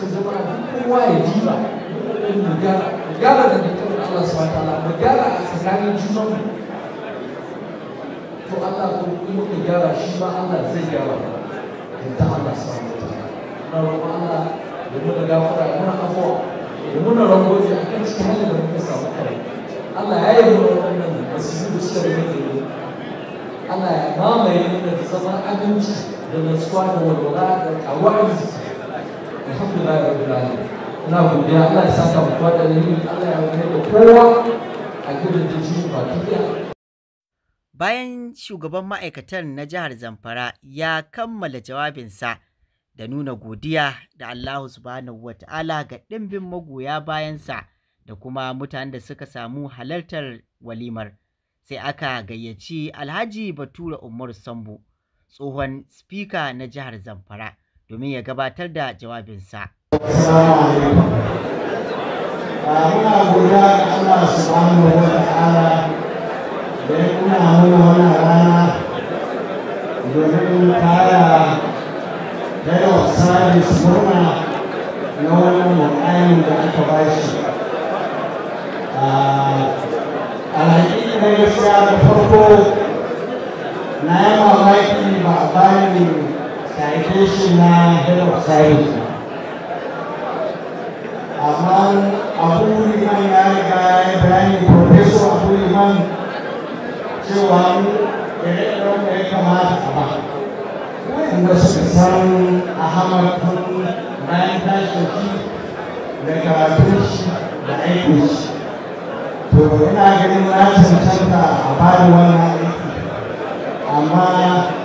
sai zama kowa ya diba in mu gara gara da dukkan Allah subhanahu wataala mu gara a tsakanin junan mu to Allah ko kuma ka gyara shi ma Allah zai gyara yadda Allah subhanahu wataala na roƙon Allah da muna gafara da muna afuwa da muna rangoji a kan cikin halin da muka samu kai Allah ya yi wa wannan asibu da suka rage ne Allah ya mamaye da zama aminci da nasuwa da walwala da kawai Bayan shugaban ma'aikatan na jihar Zamfara ya kammala jawabinsa da nuna godiya da Allah subhanahu wa ta'ala ga ɗimbin magoya bayansa da kuma mutanen da suka samu halartar walimar. sai aka gayyaci Alhaji Batura Umar sambu tsohon spika na jihar Zamfara, domin ya gabatar da jawabinsa. Ina godiya ga Allah subhanahu wa ta'ala da ya nuna mana wannan rana da murna da aka bashi. farko na yi mamaki ba a Hare Krishna, Hare Krishna. Amma abu liman ya riga ya bayani professor abu liman cewa ire-iren da ya kamata a ba. Wanda suka san Ahmad kun bayan tashin shi da karatun shi da shi. To ina ganin a bada Amma